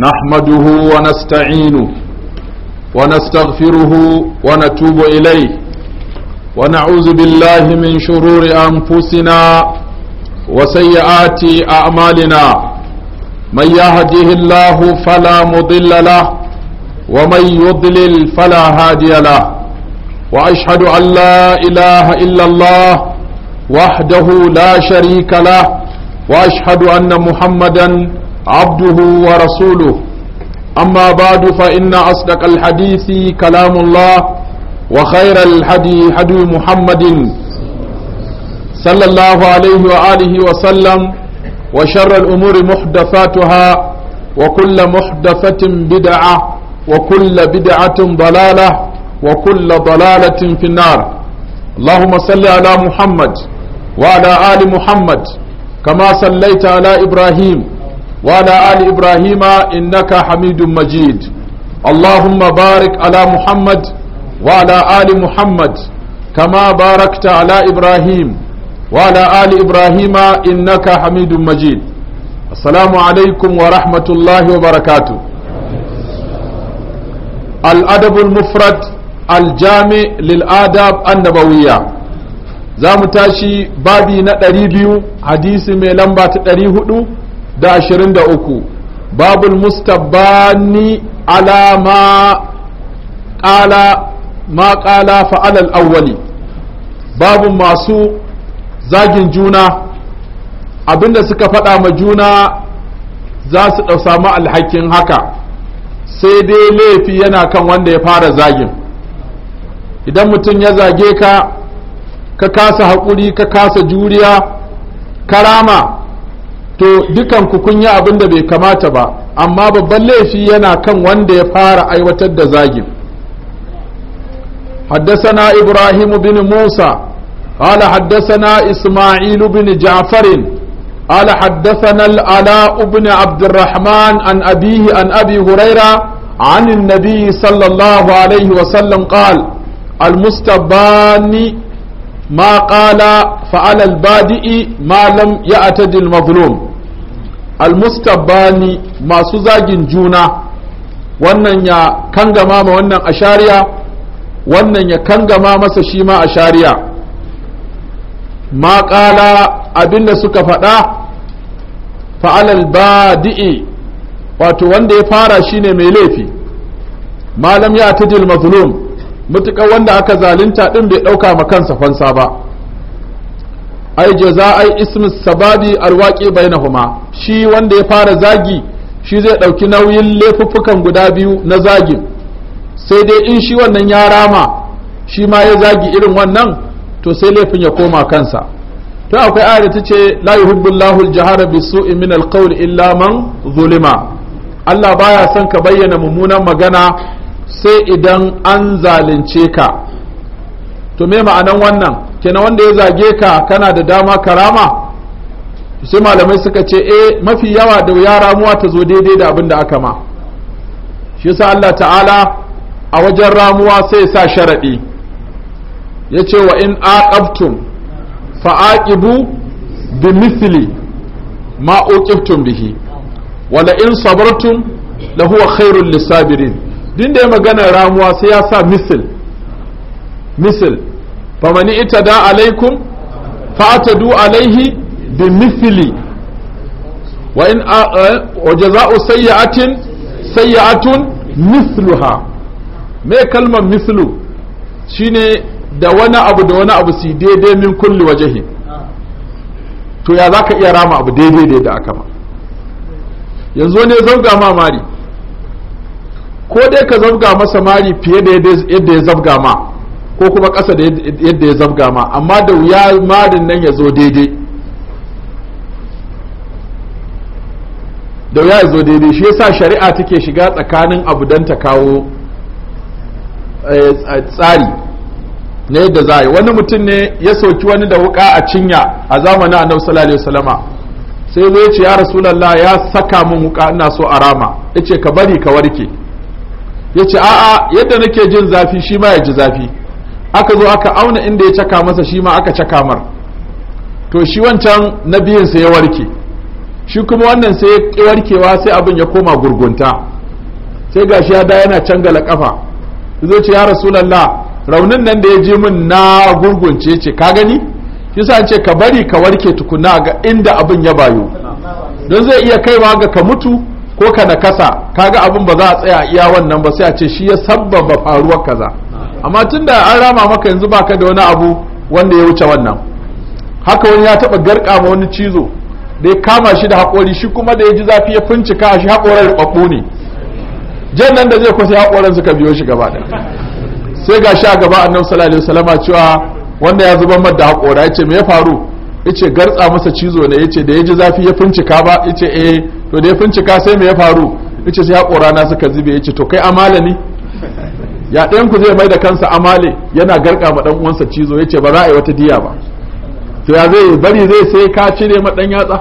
نحمده ونستعينه ونستغفره ونتوب إليه ونعوذ بالله من شرور أنفسنا وسيئات أعمالنا من يهده الله فلا مضل له ومن يضلل فلا هادي له وأشهد أن لا إله إلا الله وحده لا شريك له وأشهد أن محمدًا عبده ورسوله أما بعد فإن أصدق الحديث كلام الله وخير الحدي حدي محمد صلى الله عليه وآله وسلم وشر الأمور محدثاتها وكل محدثة بدعة وكل بدعة ضلالة وكل ضلالة في النار اللهم صل على محمد وعلى آل محمد كما صليت على إبراهيم وعلى آل إبراهيم إنك حميد مجيد اللهم بارك على محمد وعلى آل محمد كما باركت على إبراهيم وعلى آل إبراهيم إنك حميد مجيد السلام عليكم ورحمة الله وبركاته الأدب المفرد الجامع للآداب النبوية za mu tashi babi na 200 hadisi mai lamba ta 400 da ashirin da uku babul mustabbani ala ma ƙala ma ƙala fa'alal awwali babu masu zagin juna abinda suka faɗa ma juna za su samu alhakin haka sai dai laifi yana kan wanda ya fara zagin idan mutum ya zage ka ka kasa haƙuri ka kasa juriya karama to dukan ku kun yi abin da bai kamata ba amma babban laifi yana kan wanda ya fara aiwatar da zagin حدثنا إبراهيم بن موسى قال حدثنا إسماعيل بن جعفر قال حدثنا الألاء بن عبد الرحمن عن أبيه عن أبي هريرة عن النبي صلى الله عليه وسلم قال المستبان ما قال فعلى البادئ ما لم يعتد المظلوم almustabani masu zagin juna wannan ya kangama ma wannan ashariya wannan ya kangama masa shi ma ashariya maƙala abinda suka faɗa fa'alal badi'i wato wanda ya fara shine mai laifi malam ya tadil mazlum mutuƙar wanda aka zalunta ɗin bai ɗauka ma kansa fansa ba ai ayi ismi sababi alwaqi bainahuma shi wanda ya fara zagi shi zai ɗauki nauyin laifuffukan guda biyu na zagin sai dai in shi wannan ya rama shi ma ya zagi irin wannan to sai laifin ya koma kansa to akwai ayar ta ce la yuhibbullahu aljahara jahara bisu'i min alqawli illa man zulima Allah baya son ka bayyana mummunan magana sai idan an zalunce ka to me ma'anan wannan kenan wanda ya zage ka kana da dama karama sai malamai suka ce e mafi yawa da ya ramuwa ta zo daidai da abin da aka ma shi yasa Allah ta'ala a wajen ramuwa sai sa sharadi ce wa in aqabtum fa'aqibu bi bimithli ma uqibtum bihi wala in sabartum huwa khairul lisabirin din da ya magana ramuwa sai ya sa misil misil Famani faman itada alaikum fa'tadu alaihi bimithli wa in wa jazaa'u sayyi'atin sayyi'atun mithluha me kalmar mithlu shine da wani abu da wani abu su daidai min kulli wajahi to ya zaka iya rama abu daidai da aka ma yanzu ne zauga ma mari ko dai ka zabga masa mari fiye da yadda ya zabga ma ko kuma ƙasa da yadda ya zabga ma amma da wuya marin nan ya zo daidai da wuya ya zo daidai shi yasa shari'a take shiga tsakanin abu don ta kawo eh, tsari na yadda za a yi wani mutum ne ya soki wani da wuka a cinya a zamanin a sallallahu alaihi wasallama sai zai ce ya lalla ya saka min wuka ina so a rama yace ka bari ka warke yace a'a yadda nake jin zafi shi ma ya ji zafi aka zo aka auna inda ya caka masa shi ma aka caka mar to shi wancan na biyun sai ya warke shi kuma wannan sai ya warkewa sai abin ya koma gurgunta sai gashi ya da yana cangala kafa zo ce ya rasulallah raunin nan da ya ji min na gurgunce ce ka gani shi sa ce ka bari ka warke tukuna ga inda abin ya bayo don zai iya kaiwa ga ka mutu ko ka nakasa kaga abin ba za a tsaya iya wannan ba sai a ce shi ya sabbaba faruwar kaza amma tun da an rama maka yanzu ba ka da wani abu wanda ya wuce wannan haka wani ya taba garka ma wani cizo da ya kama shi da haƙori shi kuma da ya ji zafi ya fincika shi haƙorar rubabbu ne jan nan da zai kusa haƙoran suka biyo shi gaba sai ga shi a gaba annabi sallallahu alaihi wasallama cewa wanda ya zuban mada haƙora yace me ya faru yace gartsa masa cizo ne yace da ya ji zafi ya fincika ba yace eh to da ya fincika sai me ya faru yace sai haƙora na suka zube yace to kai amala ne ya ɗayan ku zai mai da kansa amale yana garka ma ɗan uwansa cizo yace ba za a yi wata diya ba to ya zai bari zai sai ka cire ma ɗan yatsa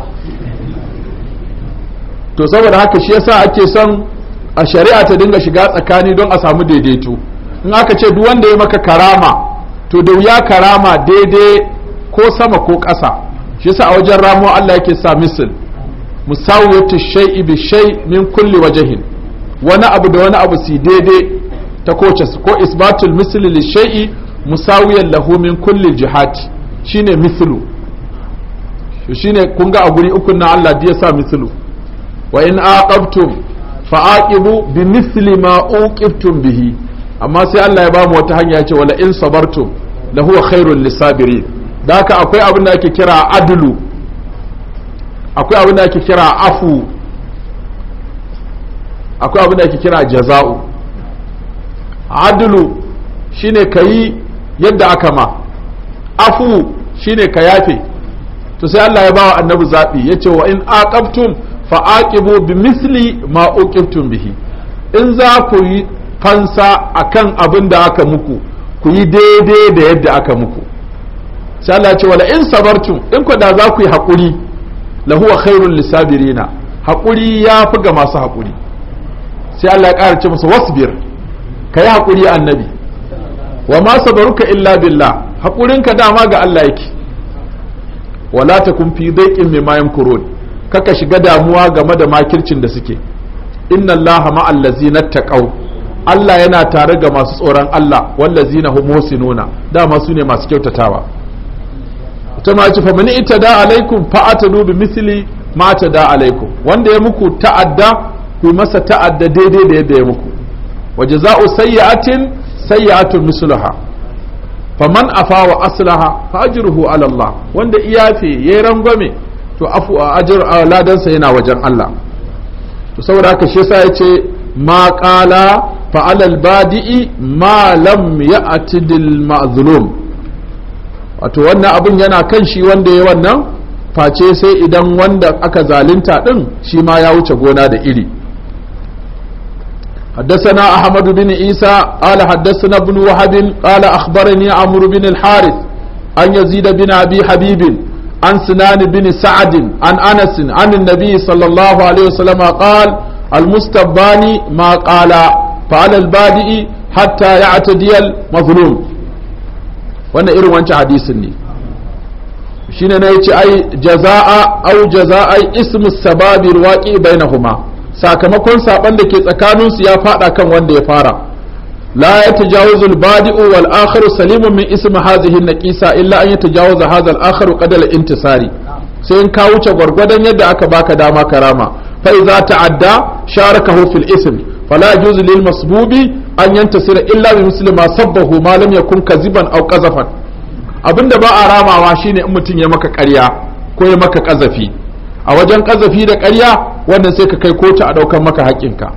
to saboda haka shi yasa ake son a shari'a ta dinga shiga tsakani don a samu daidaito in aka ce duk wanda ya maka karama to da wuya karama daidai ko sama ko ƙasa shi yasa a wajen ramo Allah yake sa misil musawwatu shay'i bi shay' min kulli wajhin wani abu da wani abu si daidai ta kowace ko isbatul misli li shay'i musawiyan lahu min kulli jihad shine mislu shine kun ga a guri uku na Allah ya sa mislu wa in aqabtum fa aqibu bi misli ma uqibtum bihi amma sai Allah ya ba mu wata hanya ce wala in sabartum la huwa khairul lisabirin da akwai abin da ake kira adlu akwai abin da ake kira afu akwai abin da ake kira jaza'u adulu shine ka yi yadda aka ma afu shine ka yafe to sai Allah ya bawa annabi zaɓi ya ce wa in aqabtum fa aqibu bi misli ma uqibtum bihi in za ku yi fansa akan abin da aka muku ku yi daidai da yadda aka muku sai Allah ya ce wala in sabartum in ku da za ku yi haƙuri la huwa khairul lisabirina haƙuri ya fi ga masu haƙuri sai Allah ya ƙara ce masa wasbir ka yi haƙuri annabi wa ma sabaruka illa billah haƙurinka dama ga Allah yake wala ta kun fi mai mayan yamkurun kaka shiga damuwa game da makircin da suke inna allaha ma'al ladzina taqaw Allah yana tare ga masu tsoron Allah wallazina hum musinuna dama su ne masu kyautatawa ta ma ci fa mani itada alaikum fa atadu bi misli ma tada alaikum wanda ya muku ta'adda ku masa ta'adda daidai da yadda ya muku wa jaza'u sayyi'atin sayyi'atun misluha faman afa wa aslaha fa ajruhu ala Allah wanda iyafe yayi rangwame to afu ajr ladansa yana wajen Allah to saboda haka shi yasa yace ma qala fa alal badi'i ma lam ya'tidil mazlum. wato wannan abun yana kan shi wanda ya wannan face sai idan wanda aka zalunta din shi ma ya wuce gona da iri حدثنا أحمد بن عيسى قال حدثنا ابن وهب قال أخبرني عمرو بن الحارث أن يزيد بن أبي حبيب عن سنان بن سعد عن أنس عن النبي صلى الله عليه وسلم قال المستباني ما قال فعلى البادئ حتى يعتدي المظلوم وانا إرو وانت حديثني شين نيتي أي جزاء أو جزاء اسم السباب الواقع بينهما sakamakon saban da ke tsakaninsu ya fada kan wanda ya fara la yatajawazu al-badi'u wal akharu salimun min ismi hadhihi an-naqisa illa an yatajawaza hadha al-akharu qadala intisari sai in ka wuce gwargwadon yadda aka baka dama karama fa idza ta'adda sharakahu fil ism fala yajuzu lil masbubi an yantasira illa bi muslim ma sabbahu ma lam yakun kaziban aw qazafan abinda ba a ramawa shine in mutum ya maka ƙarya ko ya maka ƙazafi a wajen ƙazafi da ƙarya wannan sai ka kai kotu a ɗaukar maka haƙƙinka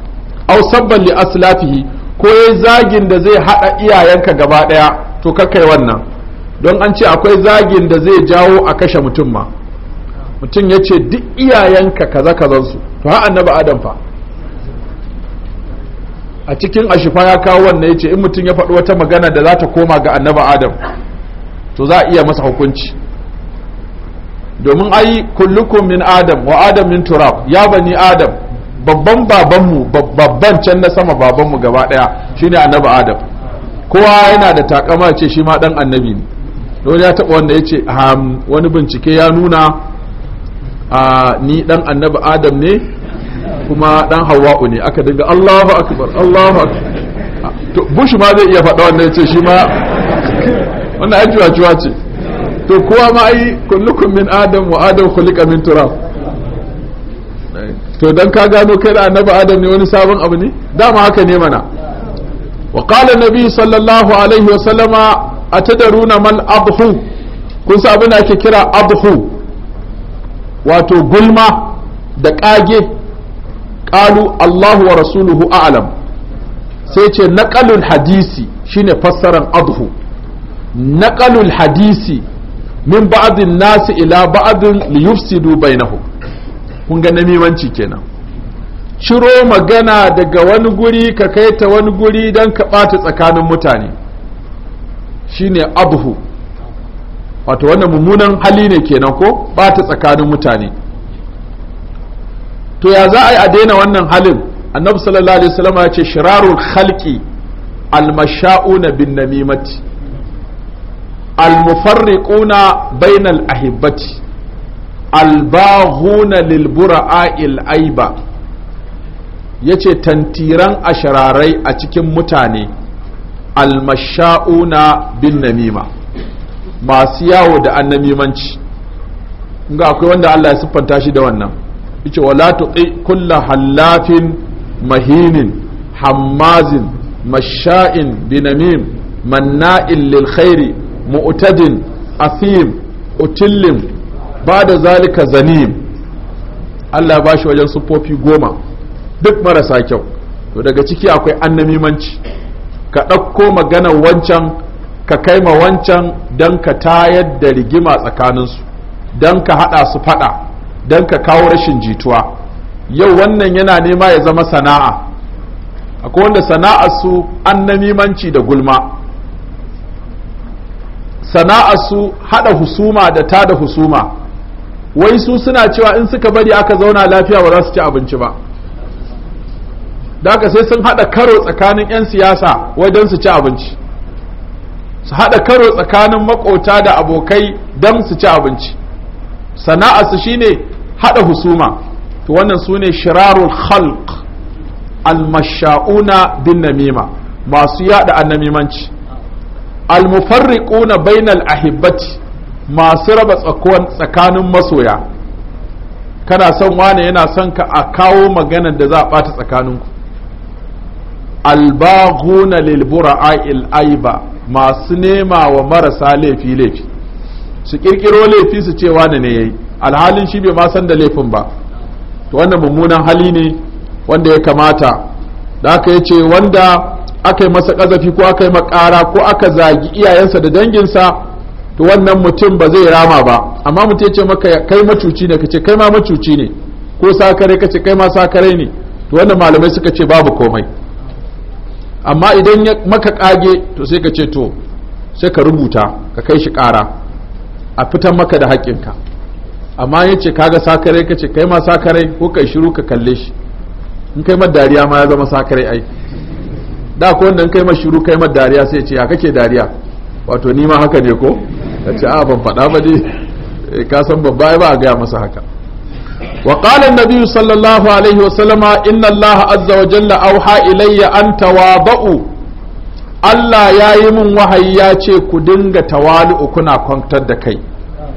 au sabban li aslafihi ko yayi zagin da zai haɗa iyayenka gaba ɗaya to ka kai wannan don an ce akwai zagin da zai jawo a kashe mutum ma mutum ya ce duk iyayenka kaza su to har annabi adam fa a cikin ashifa ya kawo wannan ya ce in mutum ya faɗi wata magana da za ta koma ga annabi adam to za a iya masa hukunci domin ai kullukum min adam wa adam min turab ya bani adam babban babanmu babban can na sama babanmu gaba daya shine annabi adam kowa yana da takama ce shi ma dan annabi ne don ya taba wanda yace wani bincike ya nuna a ni dan annabi adam ne kuma dan hawa'u ne aka dinga Allahu akbar Allahu akbar to bush ma zai iya faɗa wanda yace shi ma wannan ai ciwa ce to kowa ma ai kullukum min adam wa adam khuliqa min turab to dan ka gano kai da annabi adam ne wani sabon abu ne dama haka ne mana wa qala nabi sallallahu alaihi wa sallama atadaruna mal abhu kun sa abin ake kira abhu wato gulma da kage qalu allahu wa rasuluhu a'lam sai ce naqalul hadisi shine fassaran abhu naqalul hadisi min ba'din nasi ila ba'din li yufsidu bainahum kun ga namimanci kenan ciro magana daga wani guri ka kai ta wani guri don ka ɓata tsakanin mutane shine abhu wato wannan mummunan hali ne kenan ko ɓata tsakanin mutane to ya za a yi a daina wannan halin annabi sallallahu alaihi wasallam ya ce shirarul khalqi almasha'una bin namimati almufarriquna bainal ahibbati albahuna lilbura'a'il aiba yace tantiran ashararai a cikin mutane almasha'una bin namima masu yawo da annamimanci ga akwai wanda Allah ya siffanta shi da wannan yace wala tuqi kullu hallafin mahinin hammazin masha'in Binamin, manna'in lil khairi mu'tadin asim utillin ba da zalika zanim Allah ba shi wajen siffofi goma duk marasa kyau to daga ciki akwai annamimanci ka ɗauko magana wancan ka kai ma wancan don ka tayar da rigima tsakaninsu don ka haɗa su faɗa don ka kawo rashin jituwa yau wannan yana nema ya zama sana'a akwai wanda sana'ar su annamimanci da gulma su hada husuma da ta da husuma wai su suna cewa in suka bari aka zauna lafiya ba za su ci abinci ba da haka sai sun hada karo tsakanin 'yan siyasa wajen su ci abinci su hada karo tsakanin makota da abokai don su ci abinci su shine hada husuma to wannan su ne shirarul khalq al-masha'una bin namima masu yada annamimanci almufarriquna bainal ahibbati masu raba tsakanin masoya kana son wane yana son ka a kawo maganar da za a ɓata tsakaninku albaghuna lil bura'a'il aiba masu nema wa marasa laifi laifi su kirkiro laifi su ce wane ne yayi alhalin shi bai ma san da laifin ba to wannan mummunan hali ne wanda ya kamata da aka yace wanda aka yi masa kazafi ko aka yi makara ko aka zagi iyayensa da danginsa to wannan mutum ba zai rama ba amma mutum ya ce maka kai macuci ne kace kai ma macuci ne ko sakare kace kai ma sakare ne to wannan malamai suka ce babu komai amma idan ya maka kage to sai ka ce to sai ka rubuta ka kai shi kara a fitan maka da haƙƙinka amma ya ce kaga sakare kace kai ma sakare ko kai shiru ka kalle shi in kai ma dariya ma ya zama sakare ai da ko wannan kai shiru kai ma dariya sai ce ya kake dariya wato ni ma haka ne ko ya ce a ban faɗa ba dai eh, ka san babba ba a gaya masa haka wa qala an-nabi sallallahu alaihi wa sallama inna Allah azza wa jalla auha ilayya an tawaba'u Allah ya yi min wahayi ya ce ku dinga tawali'u kuna kwantar da kai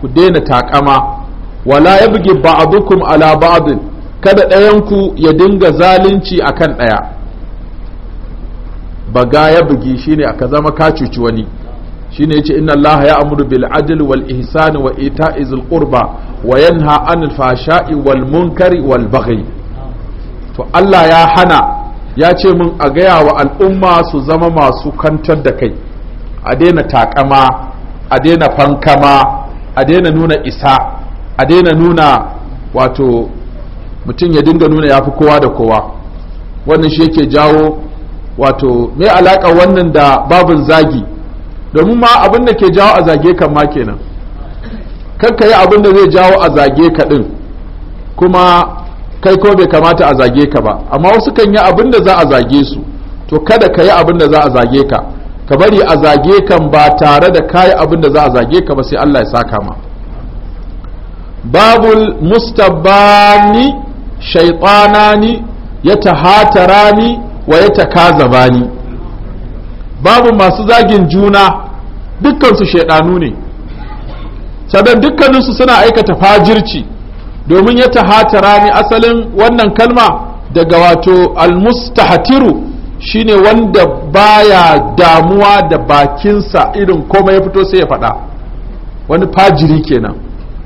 ku daina takama wala yabghi ba'dukum ala ba'd kada ɗayan ku ya dinga zalunci akan ɗaya baga ya bugi shine aka zama ka cuci wani shine yace inna allaha ya'muru bil adl wal ihsan wa ita'i zil qurba wa yanha anil fashai wal munkari wal baghi to Allah ya hana ya ce min a gaya wa al'umma su zama masu kantar da kai a daina takama a daina fankama a daina nuna isa a daina nuna wato mutum ya dinga nuna ya fi kowa da kowa wannan shi yake jawo wato mai alaƙa wannan da babin zagi domin ma abin da ke jawo a zage kan ma kenan kanka yi abin da zai jawo a zage ka ɗin kuma kai ko bai kamata a zage ka ba amma wasu kan yi abin da za a zage su to kada ka yi abin da za a zage ka ka bari a zage kan ba tare da kayi abin da za a zage ka ba sai Allah ya saka ma babul mustabani shaitanani ya tahatarani wa ya takazabani babu masu zagin juna dukkansu shaidanu ne sadan dukkaninsu suna aikata fajirci domin ya tahatara ne asalin wannan kalma daga wato almustahatiru shine wanda baya damuwa da bakinsa irin komai ya fito sai ya faɗa wani fajiri kenan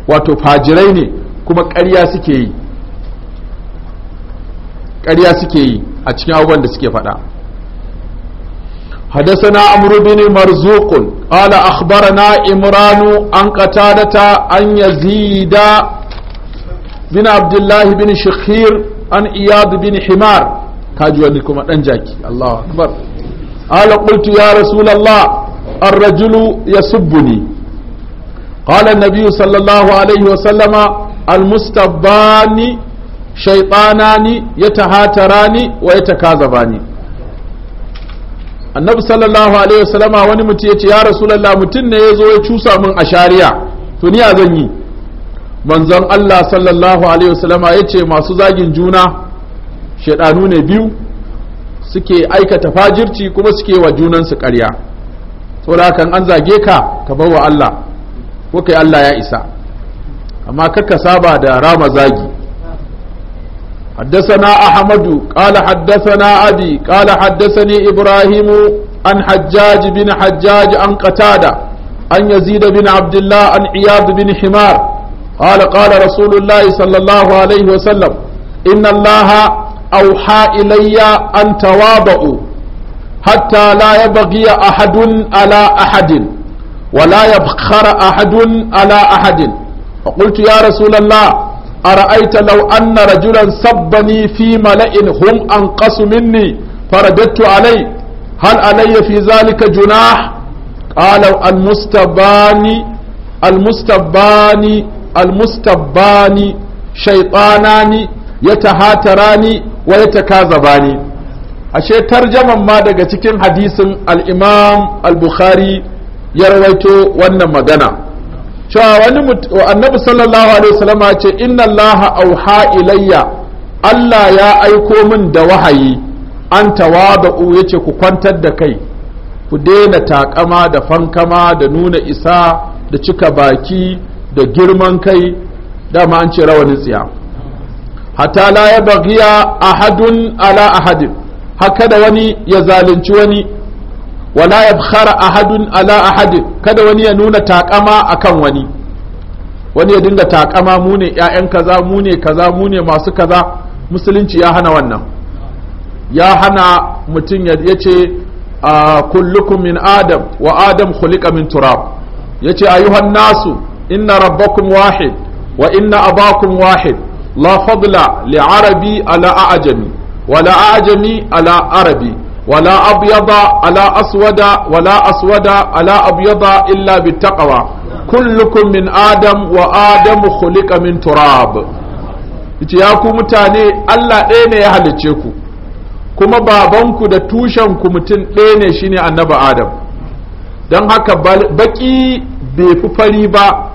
wato fajirai ne kuma ƙarya suke yi ƙarya suke yi a cikin abubuwan da suke faɗa حدثنا عمرو بن مرزوق قال أخبرنا إمران عن قتادة عن يزيد بن عبد الله بن شخير عن إياد بن حمار كاجوا لكم أنجاك الله أكبر قال قلت يا رسول الله الرجل يسبني قال النبي صلى الله عليه وسلم المستبان ya tahatara ni wa ya ni. annabi sallallahu alaihi wasallama wani mutum ya ce ya rasulallah mutum ne ya zo ya cusa min a shari'a to ni a zan yi manzon Allah sallallahu alaihi wasallama ya ce masu zagin juna shaidanu ne biyu suke aikata fajirci kuma suke wa junansu ƙarya da kan an zage ka ka bawa Allah ko kai Allah ya isa amma kakka saba da rama zagi حدثنا أحمد قال حدثنا أبي قال حدثني إبراهيم عن حجاج بن حجاج عن قتادة عن يزيد بن عبد الله عن عياض بن حمار قال قال رسول الله صلى الله عليه وسلم إن الله أوحى إلي أن تواضعوا حتى لا يبغي أحد على أحد ولا يبخر أحد على أحد فقلت يا رسول الله أرأيت لو أن رجلا سبني في ملئ هم أنقص مني فرددت عليه هل علي في ذلك جناح قالوا المستباني المستباني المستباني شيطانان يتهاتران ويتكاذبان ashe tarjaman ma daga cikin hadisin al-Imam al-Bukhari ya rawaito wannan magana cewa wani annabi sallallahu alaihi wasallama ce inna allaha auha ilayya Allah ya aiko min da wahayi an tawada'u yace ku kwantar da kai ku daina takama da fankama da nuna isa da cika baki da girman kai dama an ce rawanin tsiya hatta la ya bagiya ahadun ala ahadin haka da wani ya zalunci wani wala yabkhara ahadun ala ahadin kada wani ya nuna takama akan wani wani ya dinga takama mu ne ƴaƴan kaza mu ne kaza mu ne masu kaza musulunci ya hana wannan ya hana mutum ya ce kullukum min adam wa adam khuliqa min turab yace ayuhan nasu inna rabbakum wahid wa inna abakum wahid la fadla li arabi ala ajami wa la ajami ala arabi ولا أبيض على أسود ولا أسود على أبيض إلا بالتقوى كلكم من آدم وآدم خلق من تراب ya ku mutane Allah ɗaya ne ya halicce ku kuma babanku da tushenku mutum ɗaya ne shine annabi Adam don haka baƙi bai fi fari ba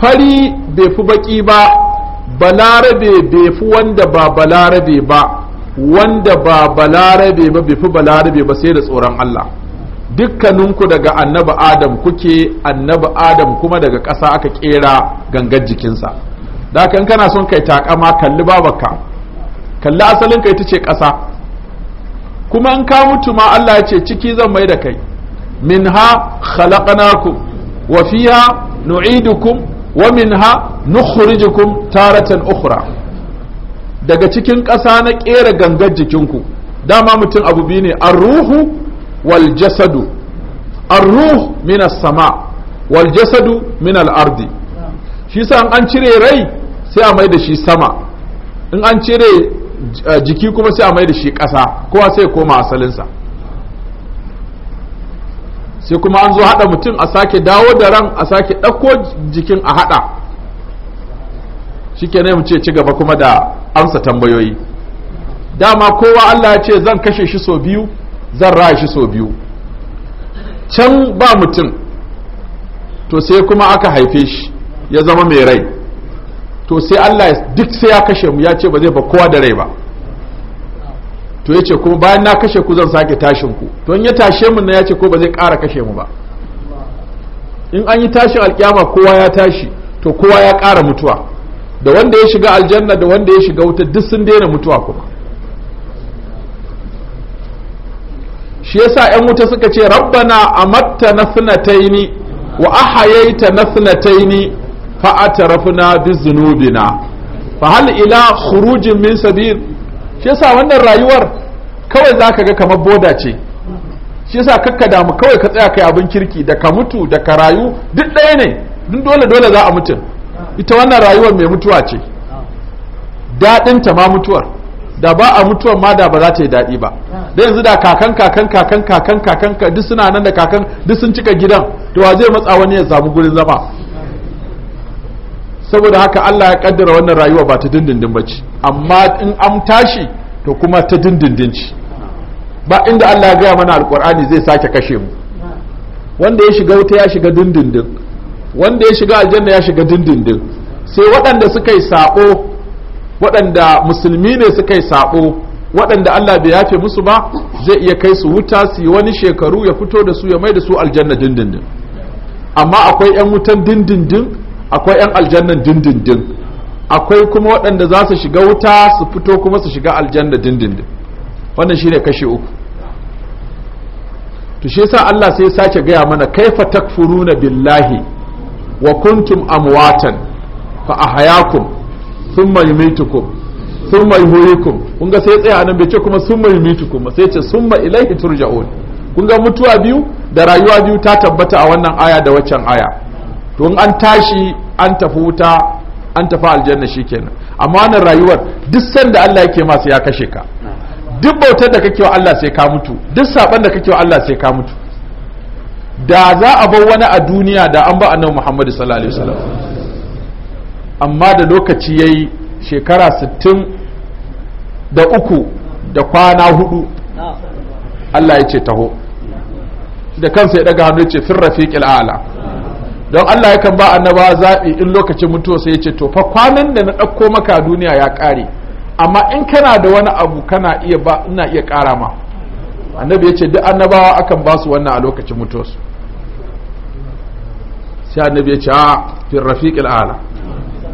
fari bai fi ba balarabe bai fi wanda ba balarabe ba wanda ba balarabe ba bi fi balarabe ba sai da tsoron Allah dukkaninku daga annabi adam kuke annabi adam kuma daga ƙasa aka ƙera gangar jikinsa da kan kana son kai takama kalli babarka kalli asalin kai tace ƙasa kuma in ka mutu ma Allah ya ce ciki zan mai da kai minha khalaqnakum wa fiha nu'idukum wa minha nukhrijukum taratan ukhra daga cikin ƙasa na ƙera gangar jikinku dama mutum abu biyu ne arruhu wal jasadu arruh min sama wal jasadu min al'ardi shi sa an cire rai sai a mai da shi sama in an cire jiki kuma sai a mai da shi ƙasa kowa sai koma asalinsa sai kuma an zo haɗa mutum a sake dawo da ran a sake ɗauko jikin a haɗa shi ke mu ce ci gaba kuma da amsa tambayoyi dama kowa Allah ya ce zan kashe shi so biyu zan raya shi so biyu can ba mutum to sai kuma aka haife shi ya zama mai rai to sai Allah duk sai ya kashe mu ya ce ba zai ba kowa da rai ba to ya ce kuma bayan na kashe ku zan sake tashin ku to in ya tashe mu na ya ce ko ba zai ƙara kashe mu ba in an yi tashin alƙiyama kowa ya tashi to kowa ya kara mutuwa da wanda ya shiga aljanna da wanda ya shiga wuta duk sun daina mutuwa kuma shi yasa yan wuta suka ce rabbana amatta na sunataini wa ahayaita na sunataini fa atarafna bizunubina fa hal ila khurujin min sabir shi yasa wannan rayuwar kawai zaka ga kamar boda ce shi yasa kakka damu kawai ka tsaya kai abin kirki da ka mutu da ka rayu duk ɗaya ne duk dole dole za a mutu. ita wannan rayuwar mai mutuwa ce daɗinta ma mutuwar da ba a mutuwar ma da ba za ta yi daɗi ba da yanzu da kakan kakan kakan kakan kakan duk suna nan da kakan duk sun cika gidan to wa zai matsa wani ya samu gurin zama saboda haka Allah ya kaddara wannan rayuwa ba ta dindindin ba ce amma in an tashi to kuma ta dindindin ce ba inda Allah ya gaya mana alkur'ani zai sake kashe mu wanda ya shiga wuta ya shiga dindindin wanda ya shiga aljanna ya shiga dindindin sai waɗanda suka yi saɓo waɗanda musulmi ne suka yi saƙo waɗanda Allah bai yafe musu ba zai iya kai su wuta su yi wani shekaru ya fito da su ya mai da su aljanna dindindin amma akwai 'yan wutan dindindin akwai 'yan aljanna dindindin akwai kuma waɗanda za su shiga wuta su fito kuma su shiga aljanna dindindin wannan shi ne kashe uku to shi yasa Allah sai ya sace gaya mana kaifa takfuruna billahi wa kuntum amwatan fa ahyakum thumma yumitukum thumma yuhyikum kun ga sai tsaya nan bai ce kuma thumma yumitukum sai ce thumma ilayhi turja'un kun ga mutuwa biyu da rayuwa biyu ta tabbata a wannan aya da waccan aya to in an tashi an tafi wuta an tafi aljanna shikenan amma wannan rayuwar duk sanda Allah yake masa ya kashe ka duk bautar da kake wa Allah sai ka mutu duk saban da kake wa Allah sai ka mutu da za a bar wani a duniya da an ba annabi Muhammadu sallallahu alaihi wasallam amma da lokaci yayi shekara 60 da uku da kwana hudu Allah ya ce taho da kansa ya daga hannu ya ce fir rafiqil ala don Allah yakan ba annaba zaɓi in lokacin mutuwa sai ya ce to fa kwanan da na ɗauko maka duniya ya kare amma in kana da wani abu kana iya ba ina iya kara ma annabi ya ce duk annabawa akan ba su wannan a lokacin mutuwa sai annabi ya ce a ah, fi rafiqil ala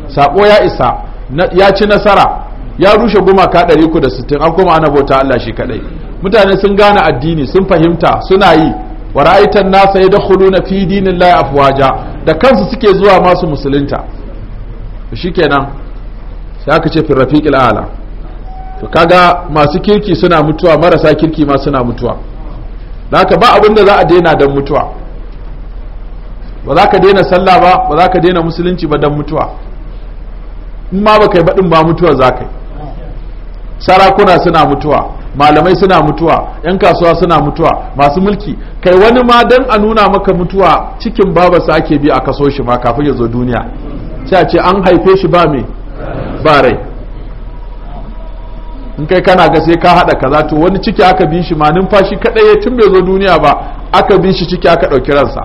sako ya isa ya ci nasara ya rushe gumaka sittin an kuma ana bauta Allah shi kadai mutane sun gane addini sun fahimta suna yi wa ra'aitan nasa yadkhuluna fi dinillahi afwaja da kansu suke zuwa masu musulunta shikenan sai aka ce fi rafiqil ala to kaga masu kirki suna mutuwa marasa kirki ma suna mutuwa da haka ba abin da za a daina dan mutuwa ba za ka daina sallah ba ba za ka daina musulunci ba don mutuwa in ma ba kai baɗin ba mutuwa za ka sarakuna suna mutuwa malamai suna mutuwa 'yan kasuwa suna mutuwa masu mulki kai wani ma don a nuna maka mutuwa cikin babasa ake bi a kaso shi ma kafin ya zo duniya sai ce an haife shi ba me ba rai in kai kana ga sai ka haɗa kaza to wani ciki aka bi shi ma numfashi kaɗai ya tun bai zo duniya ba aka bi shi ciki aka ɗauki ransa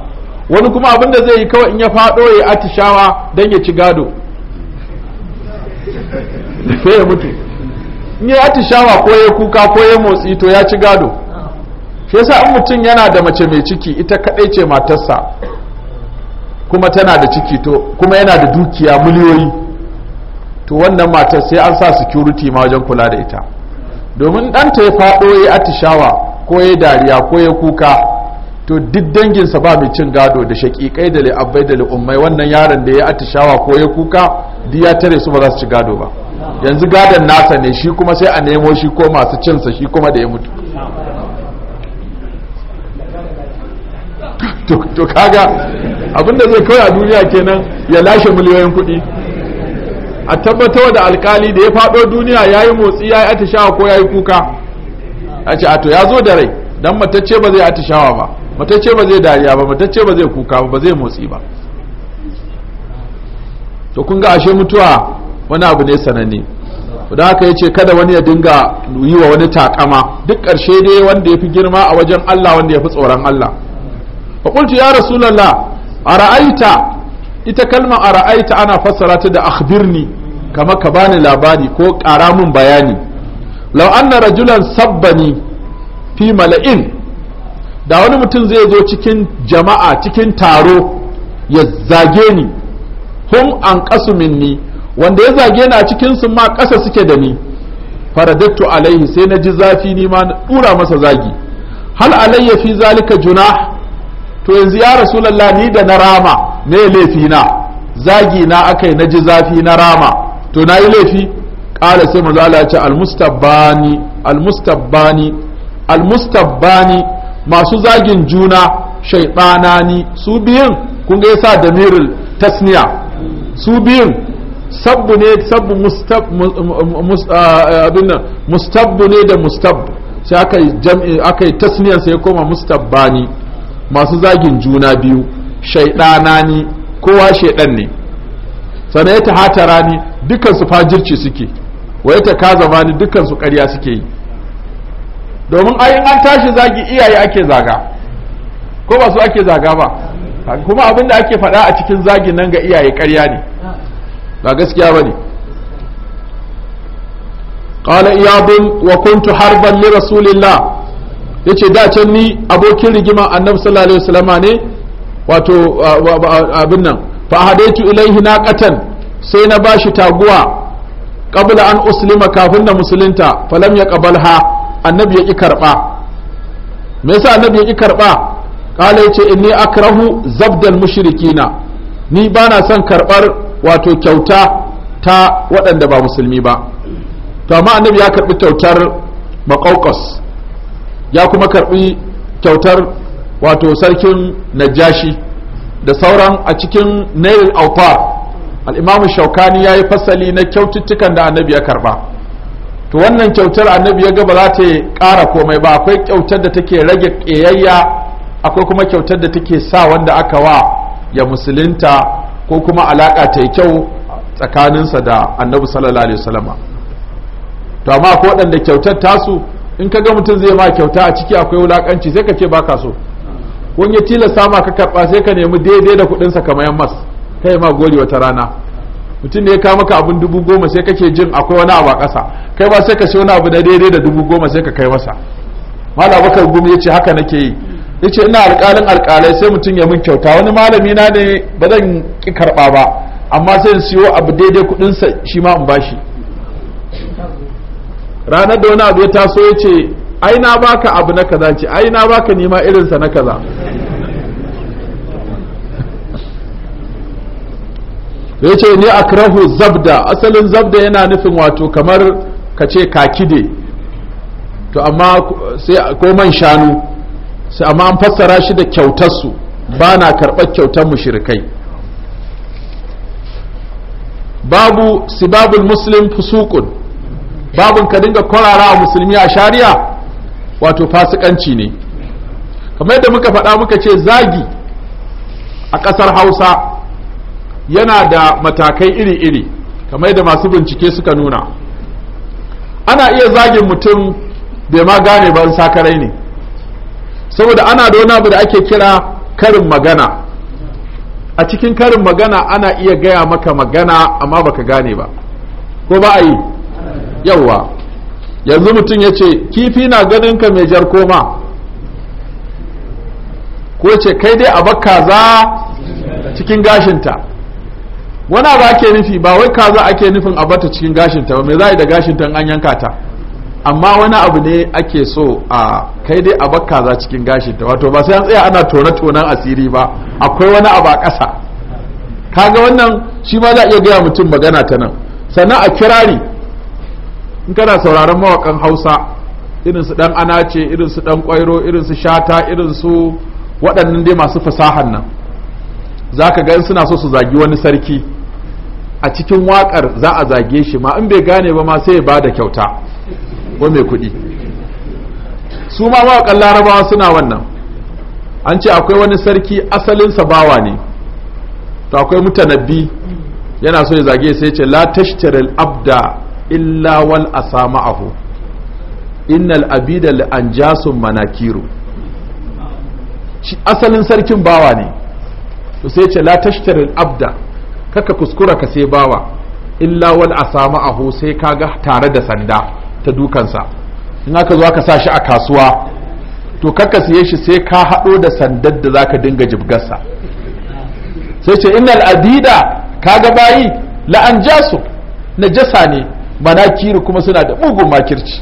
wani kuma abin da zai yi kawai in ya faɗo ya atishawa don ya ci gado sai ya mutu in ya atishawa ko ya kuka ko ya motsi to ya ci gado shi yasa in mutum yana da mace mai ciki ita kaɗai ce matarsa kuma tana da ciki to kuma yana da dukiya miliyoyi to wannan matar sai an sa security ma wajen kula da ita domin ɗanta ya faɗo ya atishawa ko ya dariya ko ya kuka to duk danginsa ba mai cin gado da shaƙiƙai da li'abbai da li'ummai wannan yaron da ya atishawa ko ya kuka duk ya tare su ba za su ci gado ba yanzu gadon nasa ne shi kuma sai a nemo shi ko masu cinsa shi kuma da ya mutu to kaga abinda zai kawai a duniya kenan ya lashe miliyoyin kuɗi a tabbatar da alkali da ya faɗo duniya ya yi motsi ya yi atishawa ko ya yi kuka a ce a to ya zo da rai don matacce ba zai atishawa ba matacce ba zai dariya ba matacce ba zai kuka ba zai motsi ba to kun ga ashe mutuwa wani abu ne sananne da haka ya ce kada wani ya dinga yi wa wani takama duk ƙarshe dai wanda ya fi girma a wajen Allah wanda ya fi tsoron Allah faƙulci ya rasulallah a ra'aita ita kalma a ra'aita ana fassara ta da akhbirni kama ka bani labari ko ƙara min bayani law anna rajulan sabbani fi mala'in da wani mutum zai zo cikin jama'a cikin taro ya zage ni hum an kasu minni wanda ya zage ni a cikin su ma ƙasa suke da ni faradattu alaihi sai na ji zafi ni ma na dura masa zagi hal alayya fi zalika juna to yanzu ya rasulullahi ni da na rama me laifi na zagi na akai na ji zafi na rama to nayi yi laifi ƙala sai manzo Allah ya ce almustabbani almustabbani almustabbani masu zagin juna ni. su biyun kun ga yasa damirul tasniya su biyun sabbu ne sabbu mustabbu ne da mustab sai aka yi jam'i aka yi sai koma mustabbani masu zagin juna biyu ni. kowa shaiɗan ne sannan ta hatara ni dukkan su fajirci suke wa kaza takaza ni dukkan su ƙarya suke yi domin ayin an tashi zagi iyaye ake zaga ko ba su ake zaga ba kuma abin da ake fada a cikin zagin nan ga iyaye karya ne ba gaskiya ba ne ƙala wa kuntu harban ni rasulillah ya ce dacen ni abokin rigima annab sallallahu alaihi ne wato abin nan fa hadaitu ilaihi katan sai na bashi taguwa kabla an uslima kafin da musulunta falam ya ha annabi ya ƙi karɓa me yasa annabi ya ƙi karɓa kala yace inni akrahu zabdal mushrikina ni ba na son karɓar wato kyauta ta waɗanda ba musulmi ba to amma annabi ya karɓi kyautar maƙauƙas ya kuma karɓi kyautar wato sarkin najashi da sauran a cikin nail al al'imamu shaukani ya yi fasali na kyaututtukan da annabi ya karɓa to wannan kyautar annabi ya ga ba za ta ƙara komai ba akwai kyautar da take rage ƙiyayya akwai kuma kyautar da take sa wanda aka wa ya musulunta ko kuma alaƙa ta yi kyau tsakaninsa da annabi sallallahu alaihi wasallama to amma akwai waɗanda kyautar tasu in ka ga mutum zai ma kyauta a ciki akwai wulaƙanci sai ka ce baka so wani ya tilasta ma ka karɓa sai ka nemi daidai da kuɗinsa kamar yan mas kai ma gori wata rana mutum ne ya kawo maka abin dubu goma sai kake jin akwai wani abu a ƙasa kai ba sai ka ce wani abu da daidai da dubu goma sai ka kai masa malam bakar gumi ya ce haka nake yi ya ce ina alƙalin alƙalai sai mutum ya min kyauta wani malami na ne ba zan ki karɓa ba amma sai in siyo abu daidai kuɗinsa shi ma in bashi ranar da wani abu ya taso ya ce ai na baka abu na kaza ce ai na baka nima irinsa na kaza ya ce ni akrahu zabda asalin zabda yana nufin wato kamar ka ce kakide to amma sai ko man shanu sai amma an fassara shi da kyautarsu ba na karɓar kyautar mushrikai babu sibabul muslim fusukun babun ka dinga kwarara a musulmi a shari'a wato fasikanci ne kamar yadda muka faɗa muka ce zagi a ƙasar hausa yana da matakai iri-iri kamar da masu bincike suka nuna ana iya zagin mutum bai ma gane ba sakarai ne saboda ana da wani da ake kira karin magana a cikin karin magana ana iya gaya maka magana amma baka gane ba ko ba a yi yauwa yanzu mutum ya ce kifi na ganin ka mai jar koma ko ce kai dai a bakka za cikin gashinta wani abu ake nufi ba wai kaza ake nufin a bata cikin gashinta ba me za a yi da gashinta an yanka ta amma wani abu ne ake so a kai dai a bar kaza cikin gashinta wato ba sai an tsaya ana tona-tonan asiri ba akwai wani abu a ƙasa kaga wannan shi ma za a iya gaya mutum magana ta nan sannan a kirari in kana sauraron mawakan hausa irin su dan anace irin su dan kwairo irin su shata irin su waɗannan dai masu fasahan nan za ka ga suna so su zagi wani sarki a cikin waƙar za a zage shi ma in bai gane ba ma sai ya bada kyauta wa mai kuɗi su ma mawaƙan larabawa suna wannan an ce akwai wani sarki asalinsa bawa ne to akwai mutanabbi yana so ya zage sai ce la tashtaril abda illa wal asama'ahu innal abida li anjasum manakiru asalin sarkin bawa ne to sai ce la tashtaril abda kaka kuskura ka sai bawa illa wal asama aho sai kaga tare da sanda ta dukansa in aka zo aka sa shi a kasuwa to kaka siye shi sai ka hado da sandar da zaka dinga jibgarsa sai ce innal adida kaga bayi la anjasu najasa ne manakiru kuma suna da bugun makirci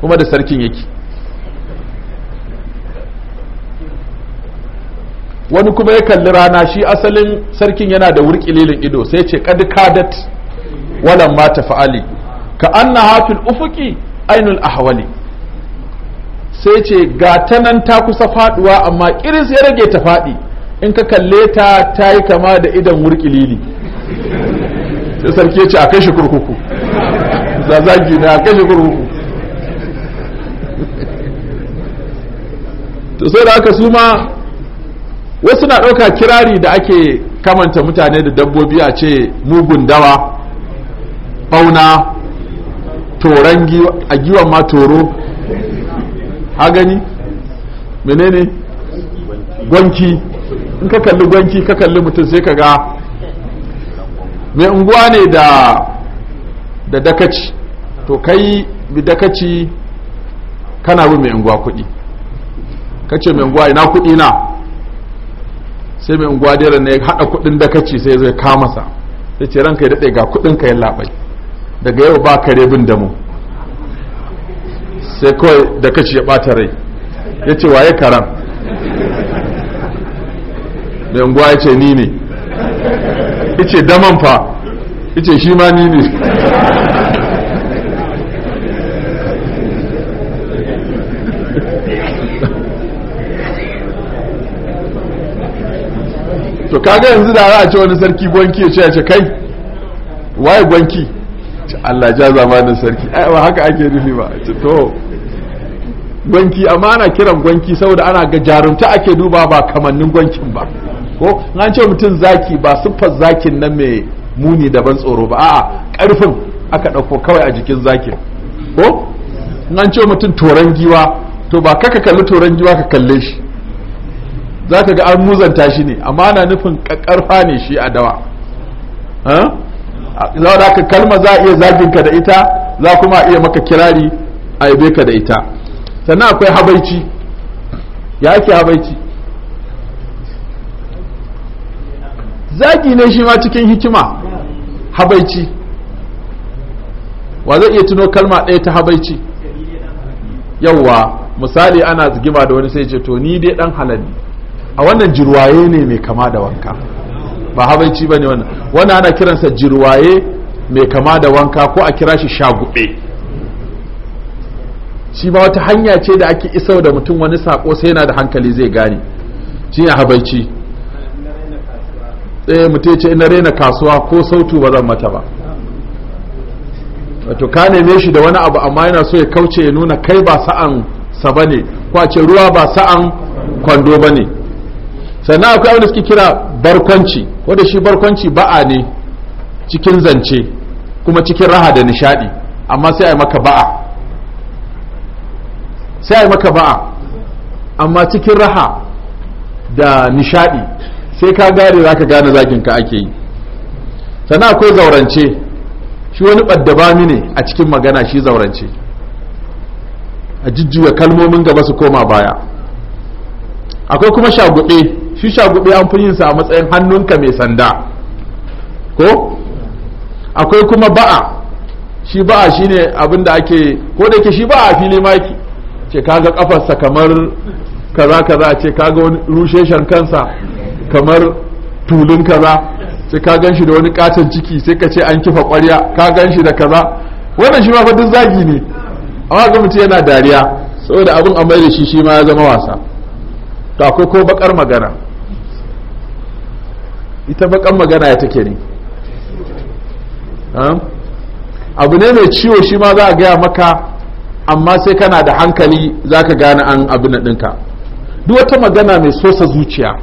kuma da sarkin yake wani kuma ya kalli rana shi asalin sarkin yana da wurkililin ido sai ce kad kadat walan ma fa'ali. ka anna hafil ufuki ainul ahwali sai ce ga ta nan ta kusa faduwa amma kiris ya rage ta fadi in ka kalle ta ta yi kama da idan wurkilili sai sarki ya ce a kai shi kurkuku zazagi na a kai shi kurkuku to sai da aka suma. wasu na ɗauka kirari da ake kamanta mutane da dabbobi a ce mugun dawa fauna toron a giwan ma toro ha gani menene gwanki in ka kalli gwanki ka kalli mutum sai ka ga mai unguwa ne da da dakaci to kai bi dakaci kana bi mai unguwa kuɗi ce mai unguwa ina kuɗi na sai mai unguwa dera ya haɗa kuɗin da kaci sai zai kama sa sai ce ranka ya daɗe ga kuɗin ka ya labai daga yau ba kare bin damu sai kawai da kaci ya ɓata rai ya ce waye karan da unguwa ya ce ni ne ya ce daman fa ya ce shi ma ni ne to kaga yanzu da za a ce wani sarki gwanki ya ce ya ce kai waye gwanki ce Allah ja zamanin sarki ai ba haka ake nufi ba to gwanki amma ana kiran gwanki saboda ana ga jarumta ake duba ba kamannin gwankin ba ko an ce mutum zaki ba siffar zakin nan mai muni daban tsoro ba a'a karfin aka ɗauko kawai a jikin zakin ko an ce mutum toron giwa to ba kaka kalli toron giwa ka kalle shi za ka ga an muzanta shi ne amma ana nufin ƙarfa ne shi a dawa za ka kalma za a iya zaginka da ita za kuma a iya maka kirari a yabe ka da ita sannan akwai habaici ya ake habaici zagi ne shi ma cikin hikima habaici wa zai iya tuno kalma ɗaya ta habaici yauwa misali ana zigima da wani sai ce to ni dai dan halalli. a wannan jirwaye ne mai kama da wanka ba habaici ba ne wannan wannan ana kiransa jirwaye mai kama da wanka ko a kira shi shagube shi ba wata hanya ce da ake isar da mutum wani sako sai yana da hankali zai gane shi ne habaici tsaye eh, mutum ce ina raina kasuwa ko sautu ba zan mata ba wato ka neme shi da wani abu amma yana so ya kauce ya nuna kai ba sa'an sa bane ko a ce ruwa ba sa'an kwando bane sannan akwai abin da suke kira barkwanci wanda shi barkwanci ba'a ne cikin zance kuma cikin raha da nishadi amma sai a maka ba'a sai a maka ba'a amma cikin raha da nishadi sai ka gare za ka gane zagin ka ake yi sannan akwai zaurance shi wani ɓaddabami ne a cikin magana shi zaurance a jujjuya kalmomin gaba su koma baya akwai kuma shagube shi shagube an fi yin sa a matsayin hannunka mai sanda ko akwai kuma ba'a shi ba'a shine abin da ake ko da yake shi ba'a fili maki ce kaga kafarsa kamar kaza kaza ce kaga wani rusheshen kansa kamar tulun kaza sai ka gan shi da wani katon ciki sai ka ce an kifa kwarya ka gan shi da kaza wannan shi ma fa duk zagi ne amma ga mutum yana dariya saboda abin amai da shi shi ma ya zama wasa to akwai ko bakar magana ita bakan magana ya take ne abu ne mai ciwo shi ma za a gaya maka amma sai kana da hankali za ka gane an abu na ɗinka duk wata magana mai sosa zuciya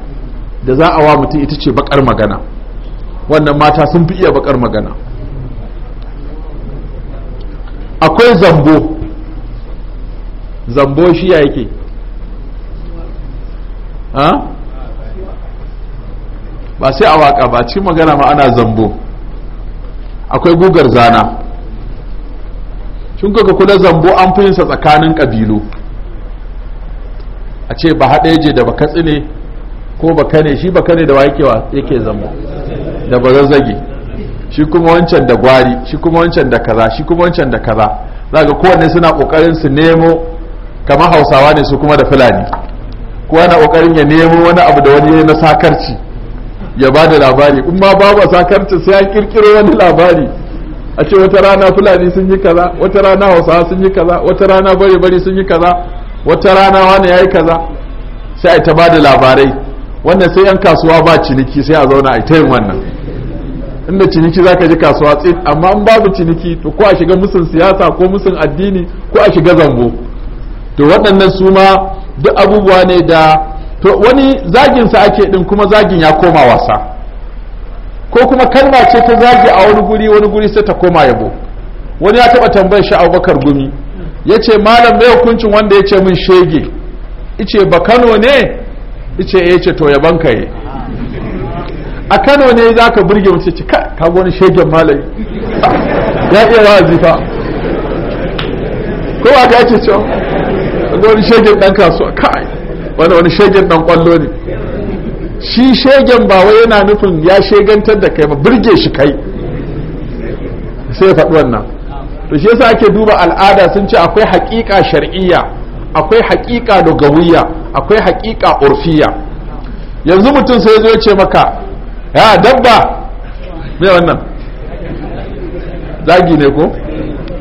da za a wa mutum ita ce bakar magana wannan mata sun fi iya bakar magana akwai zambo zambo shi ya yake ba sai a waka ba ci magana ma ana zambo akwai gugar zana shin kuka kula zambo an fi yinsa tsakanin ƙabilu a ce ba haɗe je da baka tsine ko baka ne shi baka ne da wa yake zambo da ba zazzage shi kuma wancan da gwari shi kuma wancan da kaza shi kuma wancan da kaza za ga kowanne suna kokarin su nemo kamar hausawa ne su kuma da fulani kowa na kokarin ya nemo wani abu da wani ya yi na sakarci ya ba da labari in ma babu sakarci sai an kirkiro wani labari a ce wata rana fulani sun yi kaza wata rana hausawa sun yi kaza wata rana bare bare sun yi kaza wata rana wani yayi kaza sai ai ta ba da labarai wannan sai yan kasuwa ba ciniki sai a zauna ai ta yin wannan inda ciniki zaka ji kasuwa tsit amma in babu ciniki to ko a shiga musun siyasa ko musun addini ko a shiga zambo to waɗannan su ma duk abubuwa ne da to wani zaginsa ake din kuma zagin ya koma wasa ko kuma kalma ce ta zagi a wani guri wani guri sai ta koma yabo wani ya taɓa tambayar shi abubakar gumi ya ce malam mai hukuncin wanda ya ce min shege ice ba kano ne ice ya eh, ce to yaban ka yi a kano ne za ka burge mace ce ka wani shegen malami ya iya wa'azi fa kowa ta ce cewa wani shegen ɗan kasuwa kai wani wani shegen dan kwallo ne shi shegen ba wai yana nufin ya shegantar da kai ba birge shi kai sai faɗi wannan to shi yasa ake duba al'ada sun ce akwai haƙiƙa shar'iyya akwai haƙiƙa dogawiyya. akwai haƙiƙa urfiyya yanzu mutum sai zo ya ce maka ya dabba me wannan zagi ne ko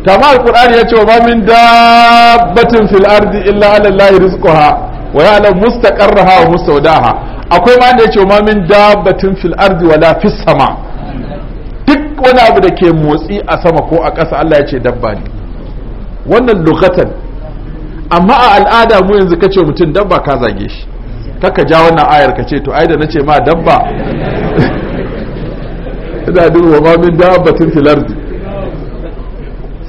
kama qur'ani ya ce wa min dabbatin fil ardi illa ala allahi rizquha wa ya'lam mustaqarraha wa mustawdaha akwai ma da yace ma min dabbatin fil ardi wala fis sama duk wani abu da ke motsi a sama ko a ƙasa Allah ya ce dabba ne wannan lokatan amma a al'ada mu yanzu kace mutum dabba ka zage shi kaka ja wannan ayar ka ce to ai da nace ma dabba ina duba ma min dabbatin fil ardi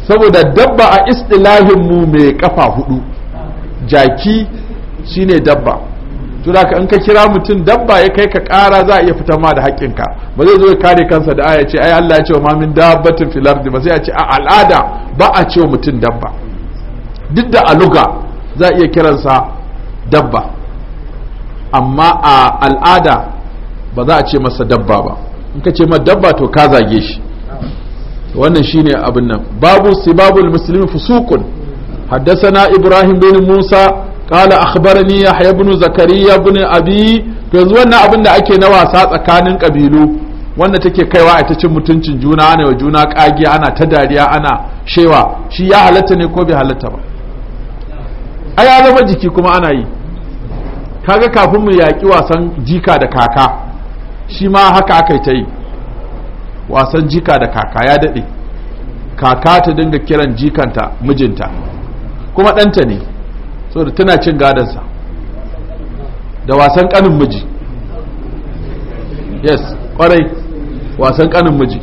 saboda dabba a istilahin mu mai kafa hudu jaki shine dabba to da in ka kira mutum dabba ya kai ka kara za a iya fitar ma da haƙƙinka ba zai zo ya kare kansa da aya ce ai Allah ya ce wa mamin dabbatin fil ardi ba sai a ce a al'ada ba a ce mutum dabba duk da aluga za a iya kiransa dabba amma a al'ada ba za a ce masa dabba ba in ka ce ma dabba to ka zage shi wannan shine abin nan babu sibabul muslimin fusukun na Ibrahim bin Musa. قال akhbarani yahya بن zakariya بن abi to yanzu wannan abin da ake na wasa tsakanin kabilu wanda take kaiwa a cin mutuncin juna ne wa juna kage ana ta dariya ana shewa shi ya halatta ne ko bai halatta ba aya ya zama jiki kuma ana yi kaga kafin mu yaƙi wasan jika da kaka shi ma haka aka yi ta yi wasan jika da kaka ya daɗe kaka ta dinga kiran jikanta mijinta kuma ɗanta ne da tana cin gadansa da wasan kanin miji yes kwarai wasan kanin miji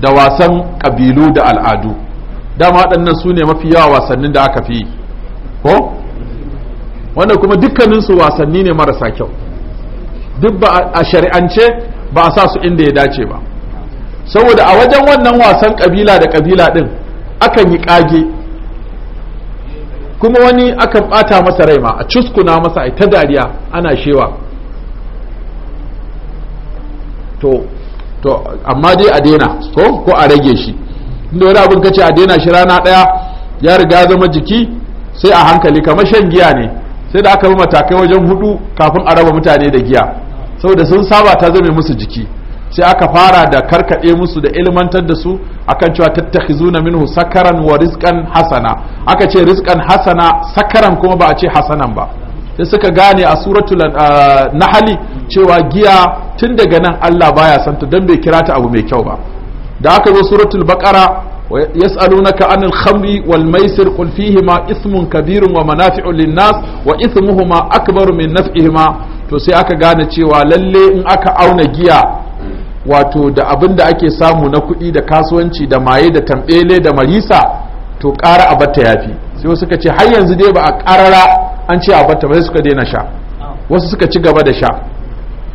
da wasan kabilu da al'adu dama waɗannan su ne mafi yawa wasannin da aka fi ko wanda kuma dukkaninsu wasanni ne marasa kyau duk ba a shari'ance ba a sa su inda ya dace ba saboda a wajen wannan wasan kabila da kabila din akan yi kage kuma wani akan bata masa rai ma a cuskuna masa a ta dariya ana shewa to to amma dai a daina ko ko a rage shi inda wani abin kace a daina shi rana daya ya riga zama jiki sai a hankali kamar shan giya ne sai da aka bi matakai wajen hudu kafin a raba mutane da giya saboda sun saba ta zame musu jiki sai aka fara da karkade musu da ilmantar da su akan cewa tattakhizuna minhu sakaran wa rizqan hasana aka ce rizqan hasana sakaran kuma ba a ce hasanan ba sai suka gane a suratul uh, cewa giya tun daga nan Allah baya santa dan bai kira ta abu mai kyau ba da aka zo suratul baqara يسألونك عن الخمر والميسر قل فيهما إثم كبير ومنافع wa وإثمهما akbaru min نفعهما to sai aka gane cewa lalle in aka auna giya wato da abin da ake samu na kuɗi da kasuwanci da maye da tambele da marisa to ƙara a bata yafi sai wasu suka ce har yanzu dai ba a ƙarara an ce a bata ba sai suka daina sha wasu suka ci gaba da sha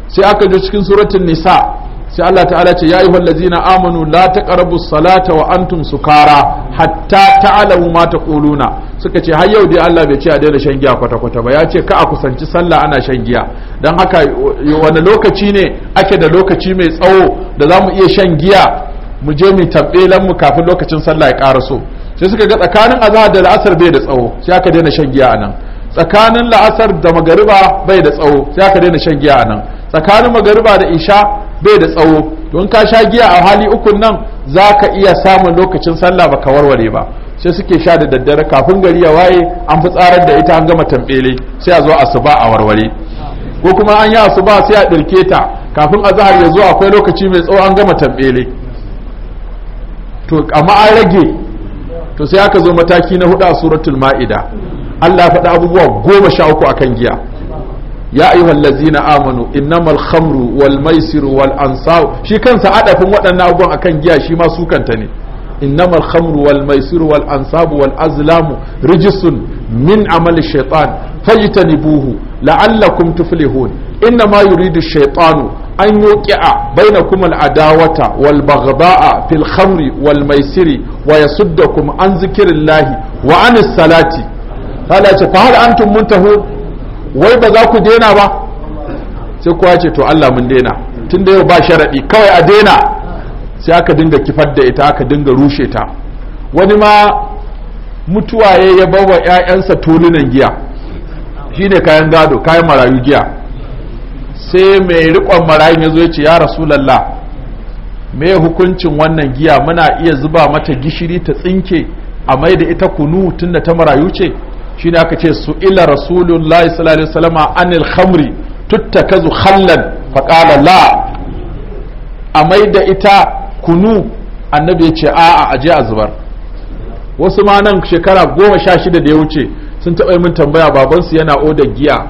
sai aka je cikin suratun nisa sai Allah ta'ala ce ya yi wallazina amanu la taqrabu salata wa antum sukara hatta ta'lamu ma taquluna suka ce har yau dai Allah bai ce a daina shan giya kwata kwata ba ya ce ka a kusanci sallah ana shan giya dan haka wani lokaci ne ake da lokaci mai tsawo da za mu iya shan giya mu je mu tabbelan mu kafin lokacin sallah ya so. sai suka ga tsakanin azhar da la'asar bai da tsawo sai aka daina shan giya anan tsakanin la'asar da magariba bai da tsawo sai aka daina shan giya anan tsakanin magariba da isha bai da tsawo don ka sha giya a hali ukun nan za ka iya samun lokacin sallah ba ka warware ba sai suke sha da daddare kafin gari ya waye an fi tsarar da ita an gama tambele sai a zo asuba a warware ko kuma an yi asuba sai a ɗirke ta kafin a zahar ya zo akwai lokaci mai tsawo an gama tambele to amma an rage to sai aka zo mataki na hudu a suratul ma'ida Allah ya faɗi abubuwa goma sha uku a kan giya ya ayyuhal ladzina amanu innamal khamru wal maisiru wal ansab shi kansa adafin waɗannan abubuwan akan giya shi ma su kanta ne innamal khamru wal maisiru wal ansab wal azlamu rijisun min amali shaitan fajtanibuhu la'allakum tuflihun innama yuridu shaitanu an yuqi'a bainakum al adawata wal baghda'a fil khamri wal maisiri wa yasuddakum an zikrillahi wa anis salati قال فهل أنتم منتهون wai ba za ku daina ba sai kowa ce to Allah mun daina tun da yau ba sharaɗi kawai a daina sai aka dinga kifar da ita aka dinga rushe ta wani ma mutuwa ya bawa 'ya'yansa tolunan giya shine kayan gado kayan marayu giya sai mai riƙon marayun ya zo ya ce ya rasulallah me hukuncin wannan giya muna iya zuba mata gishiri ta tsinke a mai da ita kunu tunda ta marayu ce shine aka ce su ila rasulullahi sallallahu alaihi wasallam anil khamri tuttakazu khallan fa qala la a mai da ita kunu annabi ya ce a'a a je a zubar wasu ma nan shekara goma sha shida da ya wuce sun taɓa yi min tambaya babansu yana oda giya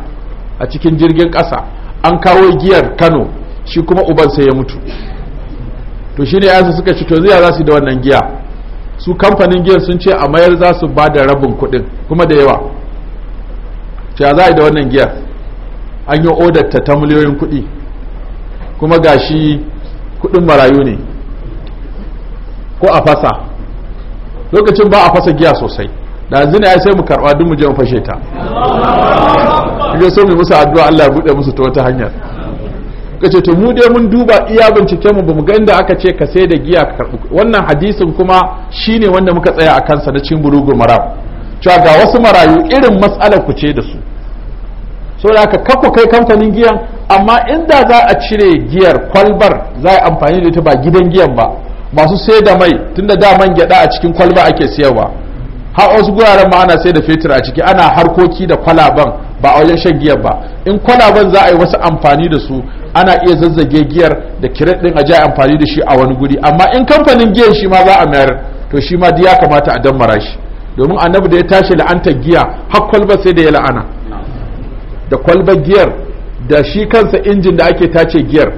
a cikin jirgin ƙasa an kawo giyar kano shi kuma uban sai ya mutu to shine yansu suka ci to zai za su da wannan giya su kamfanin giyar sun ce a mayar za su ba da rabin kuɗin kuma da yawa ce za a yi da wannan giyar an yi odarta ta miliyoyin kuɗi kuma gashi kuɗin marayu ne ko a fasa lokacin ba a fasa giya sosai da zina ya sai mu karɓa duk mu je mu fashe ta ga so mu musu addu'a Allah ya buɗe musu ta wata hanyar kace to mu dai mun duba iya binciken mu bamu ga inda aka ce ka sai da giya ka karbu wannan hadisin kuma shine wanda muka tsaya a kansa na cin burugu maram cewa ga wasu marayu irin matsalar ku ce da su saboda haka kakku kai kamfanin giyan amma inda za a cire giyar kwalbar za a amfani da ita ba gidan giyan ba masu sai da mai tunda da man gyada a cikin kwalba ake siyarwa har wasu guraren ma ana sai da fetur a ciki ana harkoki da kwalaban ba a wajen shan giyar ba in kwalaban za a yi wasu amfani da su ana iya zazzage giyar da kiret din a ji amfani da shi a wani guri amma in kamfanin giyar shi ma za a mayar to shi ma ya kamata a dammara shi domin annabi da ya tashi la'antar giya har kwalba sai da ya la'ana da kwalbar giyar da shi kansa injin da ake tace giyar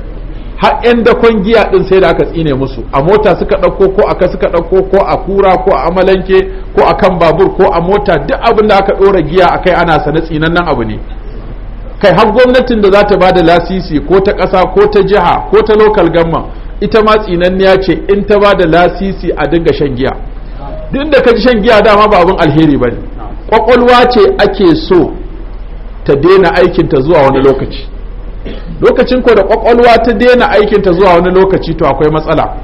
har 'yan dakon giya din sai da aka tsine musu a mota suka ɗauko ko aka suka ɗauko ko a kura ko a amalanke ko a kan babur ko a mota duk abin da aka ɗora giya a kai ana sane tsinan nan abu ne kai har gwamnatin da za ta ba da lasisi ko ta ƙasa ko ta jiha ko ta lokal gamma ita ma tsinanniya ce in ta ba da lasisi a dinga shan giya duk da ka ji shan giya dama ba abin alheri ba ne ƙwaƙwalwa ce ake so ta daina aikinta zuwa wani lokaci lokacin ko da ƙwaƙwalwa ta daina aikinta zuwa wani lokaci to akwai matsala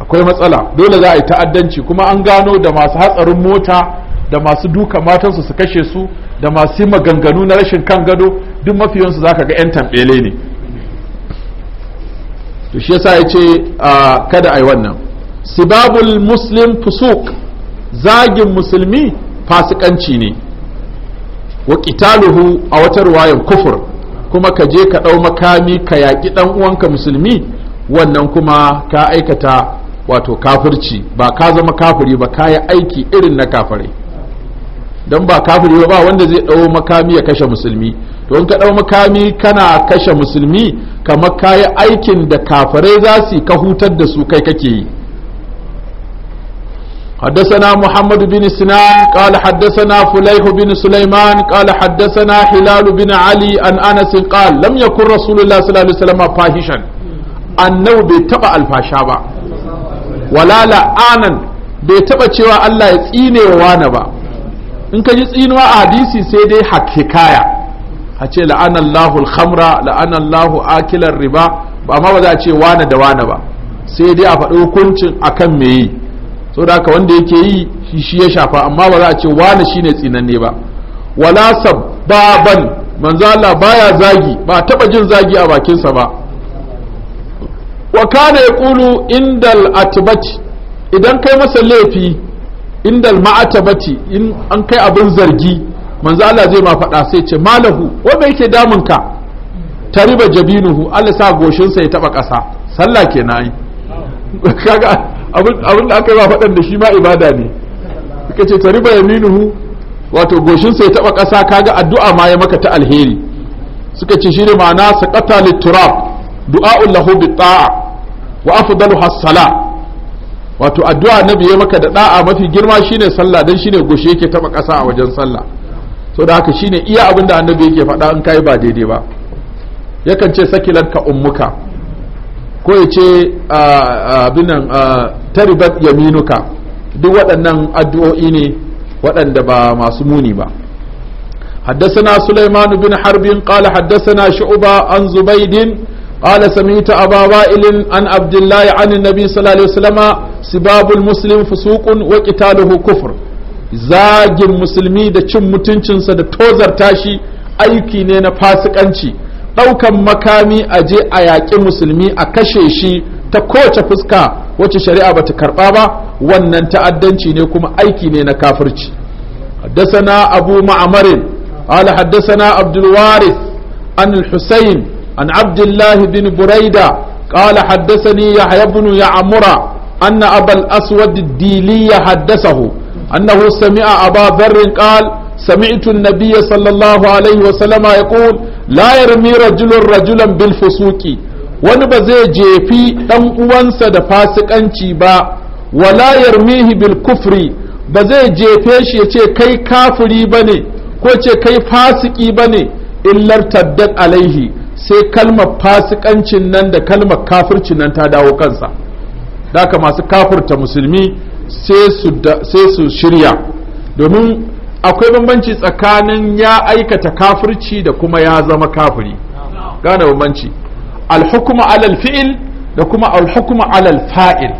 akwai matsala dole za a yi ta'addanci kuma an gano da masu hatsarin mota da masu duka matansu su kashe su da masu maganganu na rashin kan gado duk mafiyansu zaka ga 'yan tambele ne to shi yasa yace kada ai wannan sibabul muslim fusuk zagin musulmi fasikanci ne wa qitaluhu a wata ruwayan kufur kuma ka je ka ɗau makami ka yaƙi ɗan uwanka musulmi wannan kuma ka aikata wato kafirci ba ka zama kafiri ba ka yi aiki irin na kafirai dan ba kafiri ba wanda zai ɗau makami ya kashe musulmi to in ka ɗau makami kana kashe musulmi kamar kayi aikin da kafirai za su ka hutar da su kai kake yi حدثنا محمد بن سنان قال حدثنا فليح بن سليمان قال حدثنا هلال بن علي عن أن أنس قال لم يكن رسول الله صلى الله عليه وسلم فاحشا أنه بيتبع الفاشابة ولا لعانا بيتبع شوى الله يسيني وانا با in ka ji tsinuwa a hadisi sai dai hakikaya a ce la'anallahu alhamra la'anallahu akilar riba ba ma ba za a ce wane da wane ba sai dai a faɗi hukuncin a kan me yi so da haka wanda yake yi shi shi ya shafa amma ba za a ce wane ne tsinanne ba wala sababan manzo Manzala baya zagi ba taba jin zagi a bakinsa ba wa kana yaqulu indal atbat idan kai masa laifi indal ma'atabati in an kai abin zargi manzo Allah zai ma faɗa sai ce malahu bai yake damun ka tariba jabinuhu Allah sa goshin sa ya taba ƙasa sallah kenan ai kaga abin da aka yi ba faɗan da shi ma ibada ne kace tariba yaminuhu wato goshin sa ya taba ƙasa kaga addu'a ma ya maka ta alheri suka ce shi ne ma'ana saqata liturab du'a'ul lahu bi ta'a wa afdalu has sala. wato addu'a annabi ya maka da da'a mafi girma shine sallah dan shine goshi yake taba kasa a wajen sallah so da haka shine iya abin da annabi yake faɗa in kai ba daidai ba yakan ce sakilanka ummuka ko ya ce abinan taribat yaminuka duk waɗannan addu'o'i ne waɗanda ba masu muni ba حدثنا سليمان بن حرب قال حدثنا شعبة عن زبيد قال سمعت أبا وائل عن عبد الله عن النبي صلى الله عليه وسلم سباب المسلم فسوق وقتاله كفر zagin musulmi da cin mutuncinsa da tozarta shi aiki ne na fasikanci ɗaukan makami a je a yaƙin musulmi a kashe shi ta kowace fuska wacce shari'a bata karɓa ba wannan ta'addanci ne kuma aiki ne na kafirci haddasana abu ma'amarin قال حدثنا عبد الوارث عن الحسين an abdullahi bin buraida qala haddathani yahya ibn ya'mura anna abal aswad ad-dili haddathahu annahu sami'a aba dharr qala سمعت النبي صلى الله عليه وسلم يقول لا يرمي رجل رجلا بالفسوق wani ba zai jefi ɗan uwansa da fasikanci ba wala yarmihi bil kufri ba zai jefe shi ya ce kai kafuri ba ne ko ce kai fasiki ba ne illar taddan alaihi sai kalmar fasikancin nan da kalmar kafircin nan ta dawo kansa daka masu kafurta musulmi sai su shirya domin akwai bambanci tsakanin ya aikata kafirci da kuma ya zama kafiri gane bambanci alhukuma alal fi'il da kuma alhukuma alal fa'il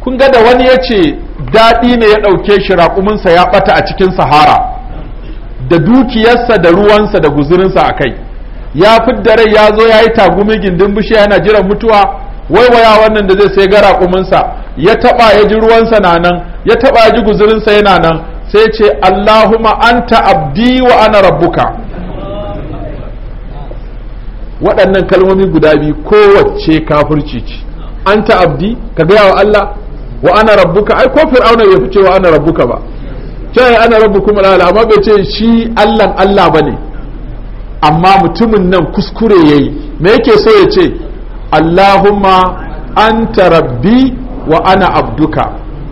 kun ga da wani ya ce daɗi ne ya ɗauke shi raƙuminsa ya ɓata a cikin sahara da dukiyarsa da ruwansa da guzurinsa a kai ya fidda rai ya zo ya yi tagumi gindin bishiya yana jiran mutuwa waiwaya wannan da zai sai gara kuminsa ya taɓa ya ji ruwansa na nan ya taɓa ya ji guzurinsa yana nan sai ce Allahumma anta abdi wa ana rabbuka waɗannan kalmomi guda biyu kowace kafirci ce anta abdi ka gaya wa Allah wa ana rabbuka ai ko fir'auna fi fice wa ana rabbuka ba ce ana rabbukum al'ala amma bai ce shi Allah Allah bane amma mutumin nan kuskure ya yi. me yake so ya ce Allahumma anta rabbi wa ana abduka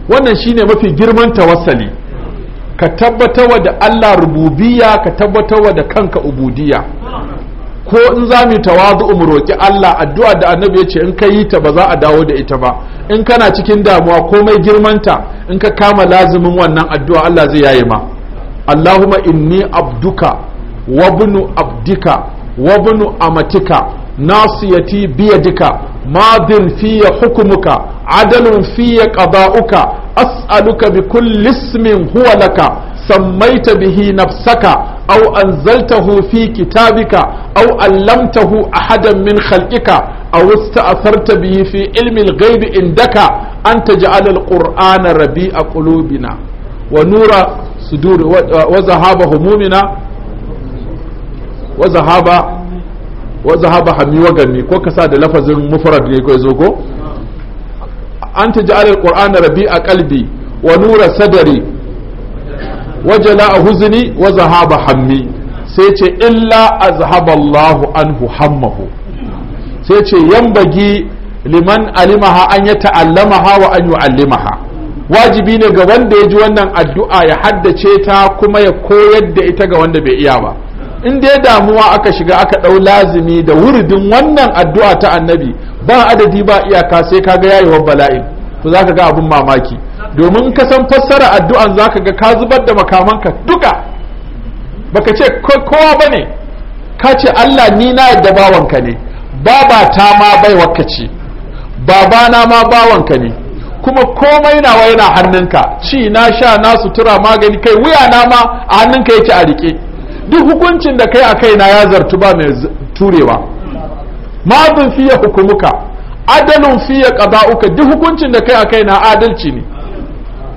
wannan shine mafi girman tawassali ka tabbatarwa da Allah rububiya ka tabbatarwa da kanka ubudiya. ko in za mu tawazu mu roƙi Allah addu'a da annabi ya ce in ka yi ta ba za a dawo da ita ba in kana cikin damuwa komai girmanta in ka kama lazimin wannan addu'a Allah zai yaye ma Allahumma inni abduka wabnu abdika wabnu amatika nasiyati dika, madin fiye hukumuka adalun fiye qada'uka as'aluka bi kulli ismin huwa laka sammaita bihi nafsaka aw anzaltahu fi kitabika aw allamtahu ahadan min khalqika aw ista'farta bihi fi ilmi al-ghaib indaka an taj'ala al rabi'a qulubina wa nura suduri wa zahaba humumina wa zahaba wa hami wa gami ko ka da lafazin mufrad ne ko zo ko an taj'al alquran rabi'a qalbi wa nura sadri wa jala'a huzni wa zahaba hammi sai ce illa azhaba Allahu anhu hammahu sai ce 'yan bagi liman alimaha an ya ta'allamaha wa an yu'allimaha wajibi ne ga wanda ya ji wannan addu'a ya haddace ta kuma ya koyar da ita ga wanda bai iya ba in dai damuwa aka shiga aka ɗau lazimi da wuridin wannan addu'a ta annabi ba adadi ba iyaka sai ka kaga yayewar bala'in to zaka ga abin mamaki domin ka san fassara addu'an zaka ga ka zubar da makamanka duka baka ce kowa bane ka ce Allah ni na yadda bawanka ne baba ta ma bai wakaci babana ma bawanka ne kuma komai nawa yana hannunka ci na sha na sutura magani kai wuya na ma a hannunka yake a riƙe? duk hukuncin da kai a na ya zartu ba mai turewa Mabin fiye hukumuka adalin fiye qada'uka duk hukuncin da kai a na adalci ne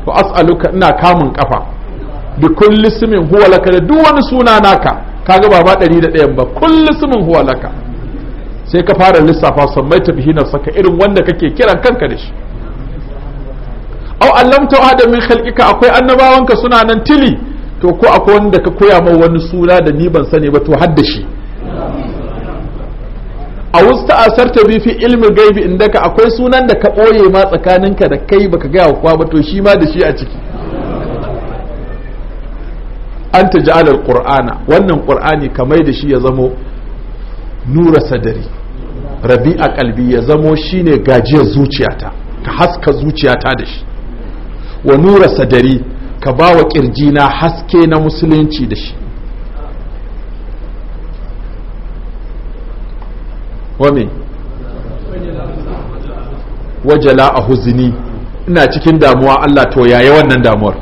fa as'aluka ina kamun kafa da kulli huwa laka da duk wani suna naka ka ba ba ɗari ba kulli ismin huwa laka sai ka fara lissafa sammaita bihi saka irin wanda kake kiran kanka da shi au allamta adam min khalqika akwai annabawanka suna nan tili to ko akwai wanda ka koya min wani suna da ni ban sani ba to hadda shi a wusta asar ta bi fi ilmi gaibi inda ka akwai sunan da ka ɓoye ma tsakaninka da kai baka gaya wa kowa ba to shi ma da shi a ciki an ta ji alal wannan ƙur'ani kamar da shi ya zamo nura sadari rabi a kalbi ya zamo shine gajiyar zuciyata ka haska zuciyata da shi wa nura sadari ka ba wa na haske na musulunci da shi wame wajala a huzini ina cikin damuwa Allah to yaya wannan damuwar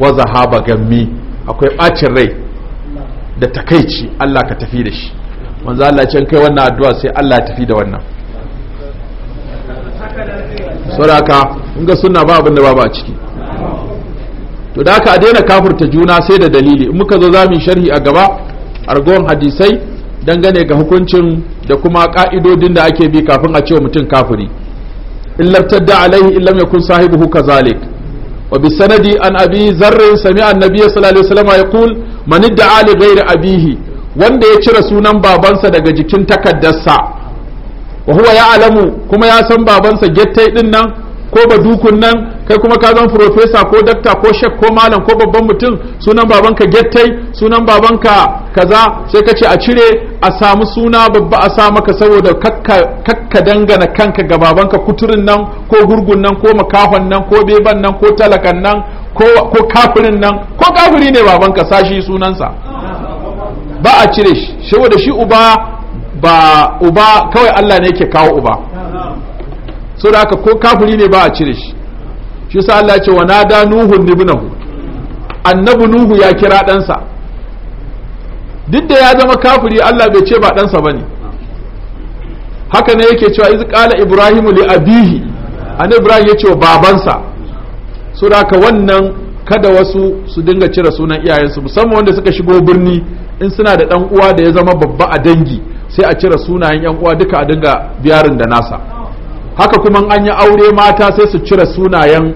wa zahaba gammi akwai ɓacin rai da takaici Allah ka tafi da shi wanzu Allah can kai wannan addu'a sai Allah ya tafi da wannan sauraka in ga suna ba abin da ba ba ciki to da aka a daina kafurta juna sai da dalili in muka zo za mu sharhi a gaba argon hadisai dangane ga hukuncin da kuma ka'idodin da ake bi kafin a wa mutum kafiri lartar da alaihi in lam yakun hu kazalik wa bi sanadi an abi zarr sami'a annabi sallallahu alaihi wasallam yaqul man idda'a ali ghairi abihi wanda ya cire sunan babansa daga jikin takaddarsa wa huwa alamu kuma ya san babansa gettai din nan ko ba dukun nan kai kuma ka zan profesa ko dakta ko shek ko malam ko babban mutum sunan babanka gettai sunan babanka kaza sai ka ce a cire a samu suna babba a sa maka saboda kakka dangana kanka ga babanka kuturin nan ko gurgun nan ko makafan nan ko beban nan ko talakan nan ko kafirin nan ko kafiri ne babanka sashi sunansa ba a cire shi saboda shi uba ba uba kawai Allah ne yake kawo uba da haka ko kafuri ne ba a cire shi shi sa Allah ce wa nada nuhu ibnahu annabi nuhu ya kira ɗansa duk da ya zama kafiri Allah bai ce ba ɗansa ne haka ne yake cewa iz qala ibrahimu li abihi annabi ibrahim ya ce wa babansa so da haka wannan kada wasu su dinga cire sunan iyayensu musamman wanda suka shigo birni in suna da dan uwa da ya zama babba a dangi sai a cire sunayen yan uwa duka a dinga biyarin da nasa haka kuma an yi aure mata sai su cire sunayen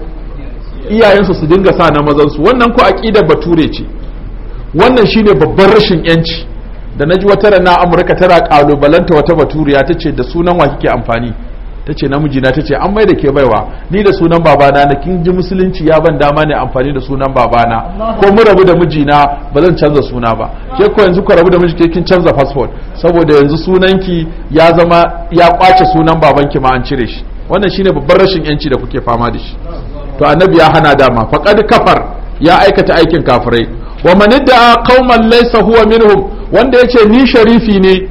iyayensu su dinga sa na mazansu wannan ko aƙidar bature ce wannan shine babban rashin yanci da naji wata rana amurka tana kalubalanta wata baturiya ta ce da sunan wa kike amfani ta ce namiji na ta ce an mai da ke baiwa ni da sunan babana na kin ji musulunci ya ban dama ne amfani da sunan babana ko mu rabu da mijina ba zan canza suna ba ke ko yanzu ku rabu da miji ke kin canza passport saboda yanzu sunanki ya zama ya kwace sunan babanki ma an cire shi wannan shine babban rashin yanci da kuke fama da shi to annabi ya hana dama faqad kafar ya aikata aikin kafirai wa man da'a qauman laysa huwa minhum wanda yace ni sharifi ne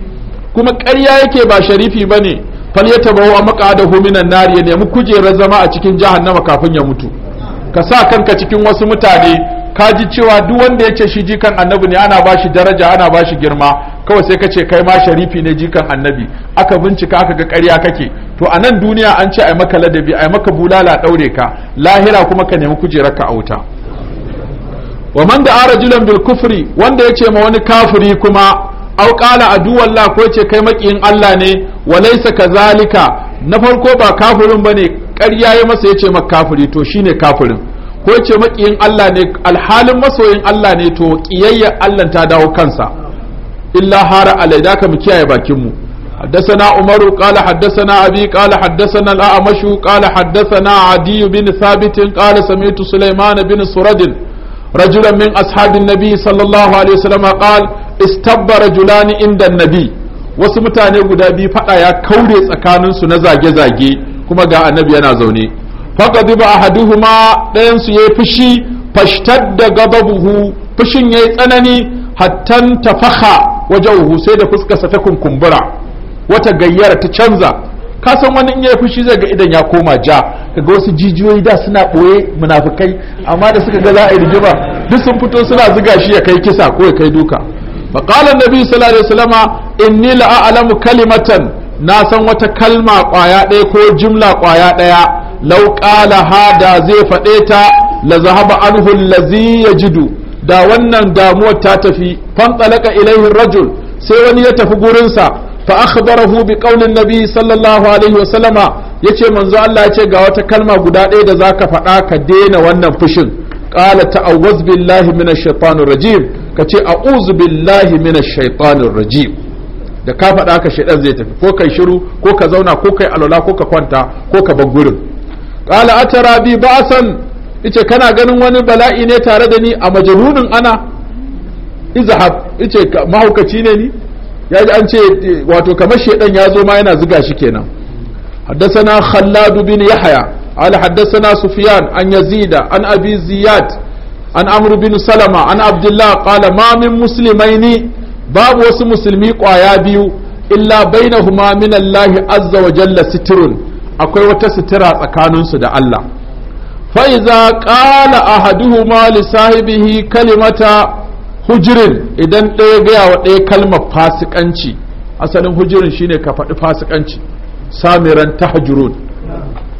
kuma ƙarya yake ba sharifi bane falyatabawa maqadahu minan Nari ya nemi kujerar zama a cikin jahannama kafin ya mutu ka sa kanka cikin wasu mutane ka ji cewa duk wanda ya ce shi jikan annabi ne ana bashi daraja ana bashi girma kawai sai ka ce kai ma sharifi ne jikan annabi aka bincika aka ga ƙarya kake to a nan duniya an ce ai maka ladabi ai maka bulala daure ka lahira kuma ka nemi kujerar ka auta wa man da arajulan bil kufri wanda ya ce ma wani kafiri kuma aw qala aduwallah ko ce kai makiyin Allah ne walaysa kazalika na farko ba kafirin bane ƙarya ya masa yace maka kafiri to shine kafirin ko ce maƙiyin Allah ne alhalin masoyin Allah ne to ƙiyayyar Allah ta dawo kansa illa hara alai da ka mu kiyaye bakin mu حدثنا عمر قال abi أبي قال حدثنا الأعمش قال adiyu عدي sabitin ثابت قال سمعت سليمان bin suradin رجلا من أصحاب النبي صلى الله wasu mutane guda biyu fada ya kaure tsakaninsu na zage-zage kuma ga annabi yana zaune faqad ba ahaduhuma ɗayan su yayi fushi da fashtadda gababuhu fushin yayi tsanani hattan wajen wajahu sai da fuskarsa ta kunkumbura wata gayyara ta canza ka san wani in yayi fushi zai ga idan ya koma ja kaga wasu jijiyoyi da suna ɓoye munafukai amma da suka ga za a yi rigima duk sun fito suna zuga shi ya kai kisa ko ya kai duka inni النبي alamu kalimatan na san wata kalma ƙwaya ɗaya ko jimla ƙwaya ɗaya. قايا ديا لو zai faɗe ta فديتا لذهب عنه الذي يجد da wannan damuwar ta tafi fantalaka ilaihi rajul sai wani ya tafi gurinsa fa akhbarahu bi qaulin nabi sallallahu alaihi wasallama ya ce manzo Allah ya ce ga wata kalma guda ɗaya da za ka faɗa ka daina wannan fushin ƙala ta'awwaz billahi minash shaitanir rajim ka ce a'udhu billahi minash shaitanir rajim da ka faɗa ka shaidan zai tafi ko kai shiru ko ka zauna ko kai alola ko ka kwanta ko ka bar gurin ƙala atara bi ba'san yace kana ganin wani bala'i ne tare da ni a majnunin ana izhab yace mahaukaci ne ni yaji an ce wato kamar shaidan ya zo ma yana ziga shi kenan حدثنا خلاد بن يحيى قال حدثنا سفيان عن يزيد عن abiziyad زياد عن عمرو بن سلمة عن عبد الله قال ما من مسلمين باب biyu. مسلمي قوايا بيو إلا بينهما من الله عز وجل ستر akwai wata sitira tsakaninsu da Allah fa'iza ƙala ahaduhu li sahibihi kalimata hujirin idan ɗaya gaya wa ɗaya kalmar fasikanci asalin hujirin shine ka faɗi fasikanci samiran tahjurun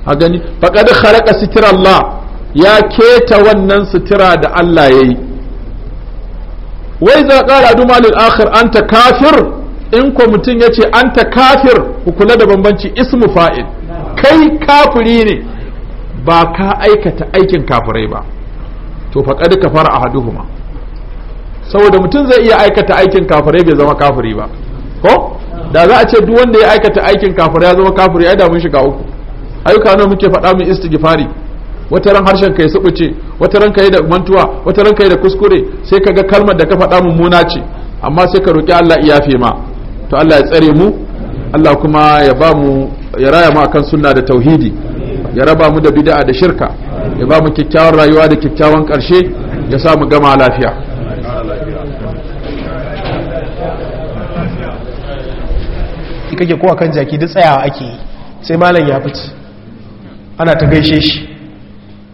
a gani faƙaɗi kharaqa sitira Allah ya keta wannan sitira da Allah ya yi. wai za ƙara duma lil akhir ta kafir in ko mutum ya ce an ta kafir ku kula da bambanci ismu fa'il kai kafiri ne ba ka aikata aikin kafirai ba to faqad kafara ahaduhuma saboda mutum zai iya aikata aikin kafirai bai zama kafiri ba ko da za a ce duk wanda ya aikata aikin kafir ya zama kafir ya damun shiga uku ayyuka nawa muke faɗa min istighfari wata ran harshen ka ya subuce wata ran kai da mantuwa wata ran kai da kuskure sai ka ga kalmar da ka faɗa muna ce amma sai ka roki Allah ya yafe ma to Allah ya tsare mu Allah kuma ya ba mu ya raya mu akan sunna da tauhidi ya raba mu da bid'a da shirka ya ba mu kyakkyawar rayuwa da kyakkyawan ƙarshe ya sa mu gama lafiya shi kake kowa kan jaki duk tsayawa ake yi sai malam ya fice ana ta gaishe shi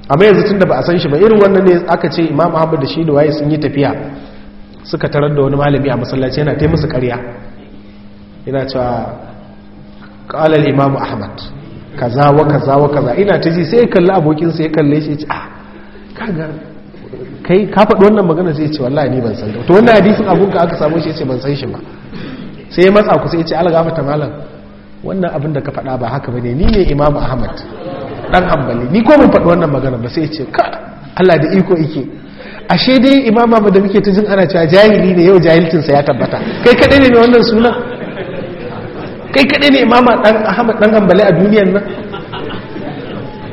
amma yanzu tun da ba a san shi ba irin wannan ne aka ce imam ahmad da shi da waye sun yi tafiya suka tarar da wani malami a masallaci yana ta musu karya yana cewa kalal imam ahmad zawa ka zawa ka kaza ina ta ji sai ya kalli abokinsa ya kalle shi ce ah, kaga kai ka faɗi wannan magana sai ya ce wallahi ni ban san da to wannan hadisin abun ka aka samu shi ya ce ban san shi ba sai ya matsa ku sai ya ce al-gafa ta malam wannan abin da ka faɗa ba haka bane ni ne imamu ahmad dan ambali ni ko mun faɗi wannan magana ba sai ya ce ka Allah da iko yake ashe dai imamu ahmad da muke ta jin ana cewa jahili ne yau jahilcinsa ya tabbata kai kadai ne wannan sunan kai kadai ne imamu ahmad dan ambali a duniyar nan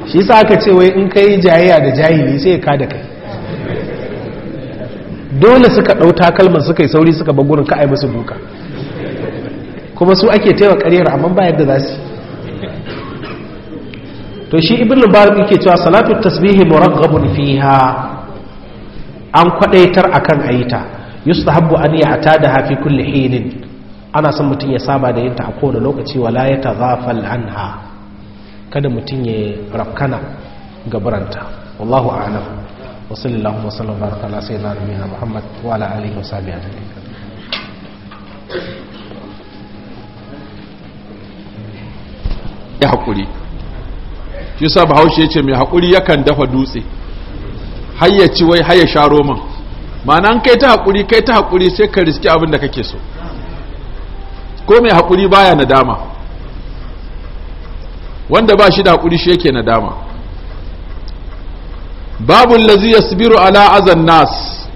shi sa aka ce wai in kai jayayya da jahili sai ya kada kai dole suka ɗau takalman suka yi sauri suka bagurin ka'ai musu duka kuma su ake taiwa ƙaryar amma ba yadda za su to shi ibn mubarak yake cewa salatu tasbihi muraghhabun fiha an kwadaitar akan ayita yustahabbu an da fi kulli hinin ana son mutum ya saba da yinta a kowane lokaci wala ya tazafal anha kada mutum ya rafkana gabaranta wallahu a'lam wa sallallahu wa sallam baraka ala sayyidina muhammad wa ala alihi wa sahbihi ajma'in ya haƙuri shi sa bahaushe ce mai hakuri yakan dafa dutse ci wai haya sha roman ma'ana kai ta hakuri kai ta hakuri sai ka riski abin da kake so ko mai haƙuri baya nadama wanda ba shi da hakuri shi yake nadama babun lazi sibiru ala azan nas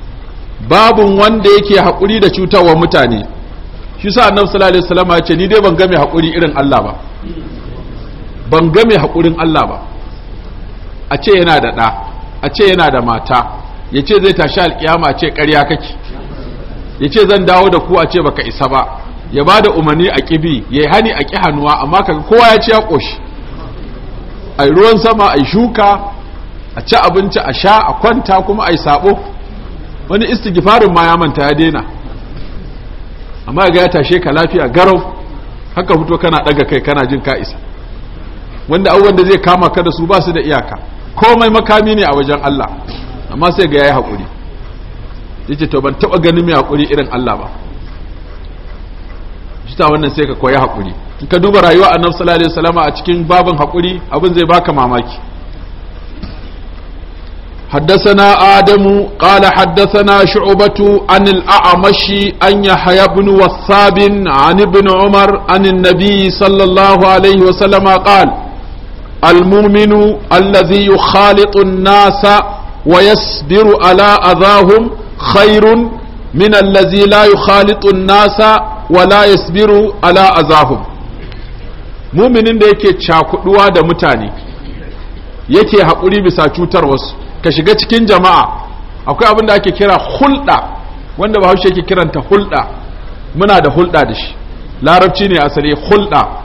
babun wanda yake hakuri da cutarwa mutane shi sa annabi alaihi ya ce ni dai ban ga mai haƙuri irin Allah ba ban ga mai haƙurin Allah ba a ce yana da ɗa a ce yana da mata ya ce zai tashi alƙiyama ce ƙarya kake ya ce zan dawo da ku a ce baka isa ba ya ba da umarni a ƙibi ya yi hani a ƙi hannuwa amma kaga kowa ya ce ya ƙoshi a ruwan sama a shuka a ci abinci a sha a kwanta kuma a yi saɓo wani istigifarin ma ya manta ya daina amma ga ya tashe ka lafiya garau haka fito kana ɗaga kai kana jin ka isa wanda abubuwan da zai kama ka da su ba su da iyaka komai makami ne a wajen Allah amma sai ga yayi hakuri yace to ban taba ganin mai hakuri irin Allah ba shi ta wannan sai ka koyi hakuri in ka duba rayuwa annabi sallallahu alaihi wasallam a cikin babin hakuri abin zai baka mamaki حدثنا آدم قال حدثنا شعبة عن الأعمش أن يحيى بن وثاب عن ابن عمر عن النبي صلى الله عليه وسلم قال المؤمن الذي يخالط الناس ويصبر على أذاهم خير من الذي لا يخالط الناس ولا يصبر على أذاهم muminin da yake cakuduwa da mutane yake haƙuri bisa cutar wasu ka shiga cikin jama'a akwai abin da ake kira hulɗa wanda bahaushe yake kiranta hulɗa muna da hulɗa da shi larabci ne asali hulɗa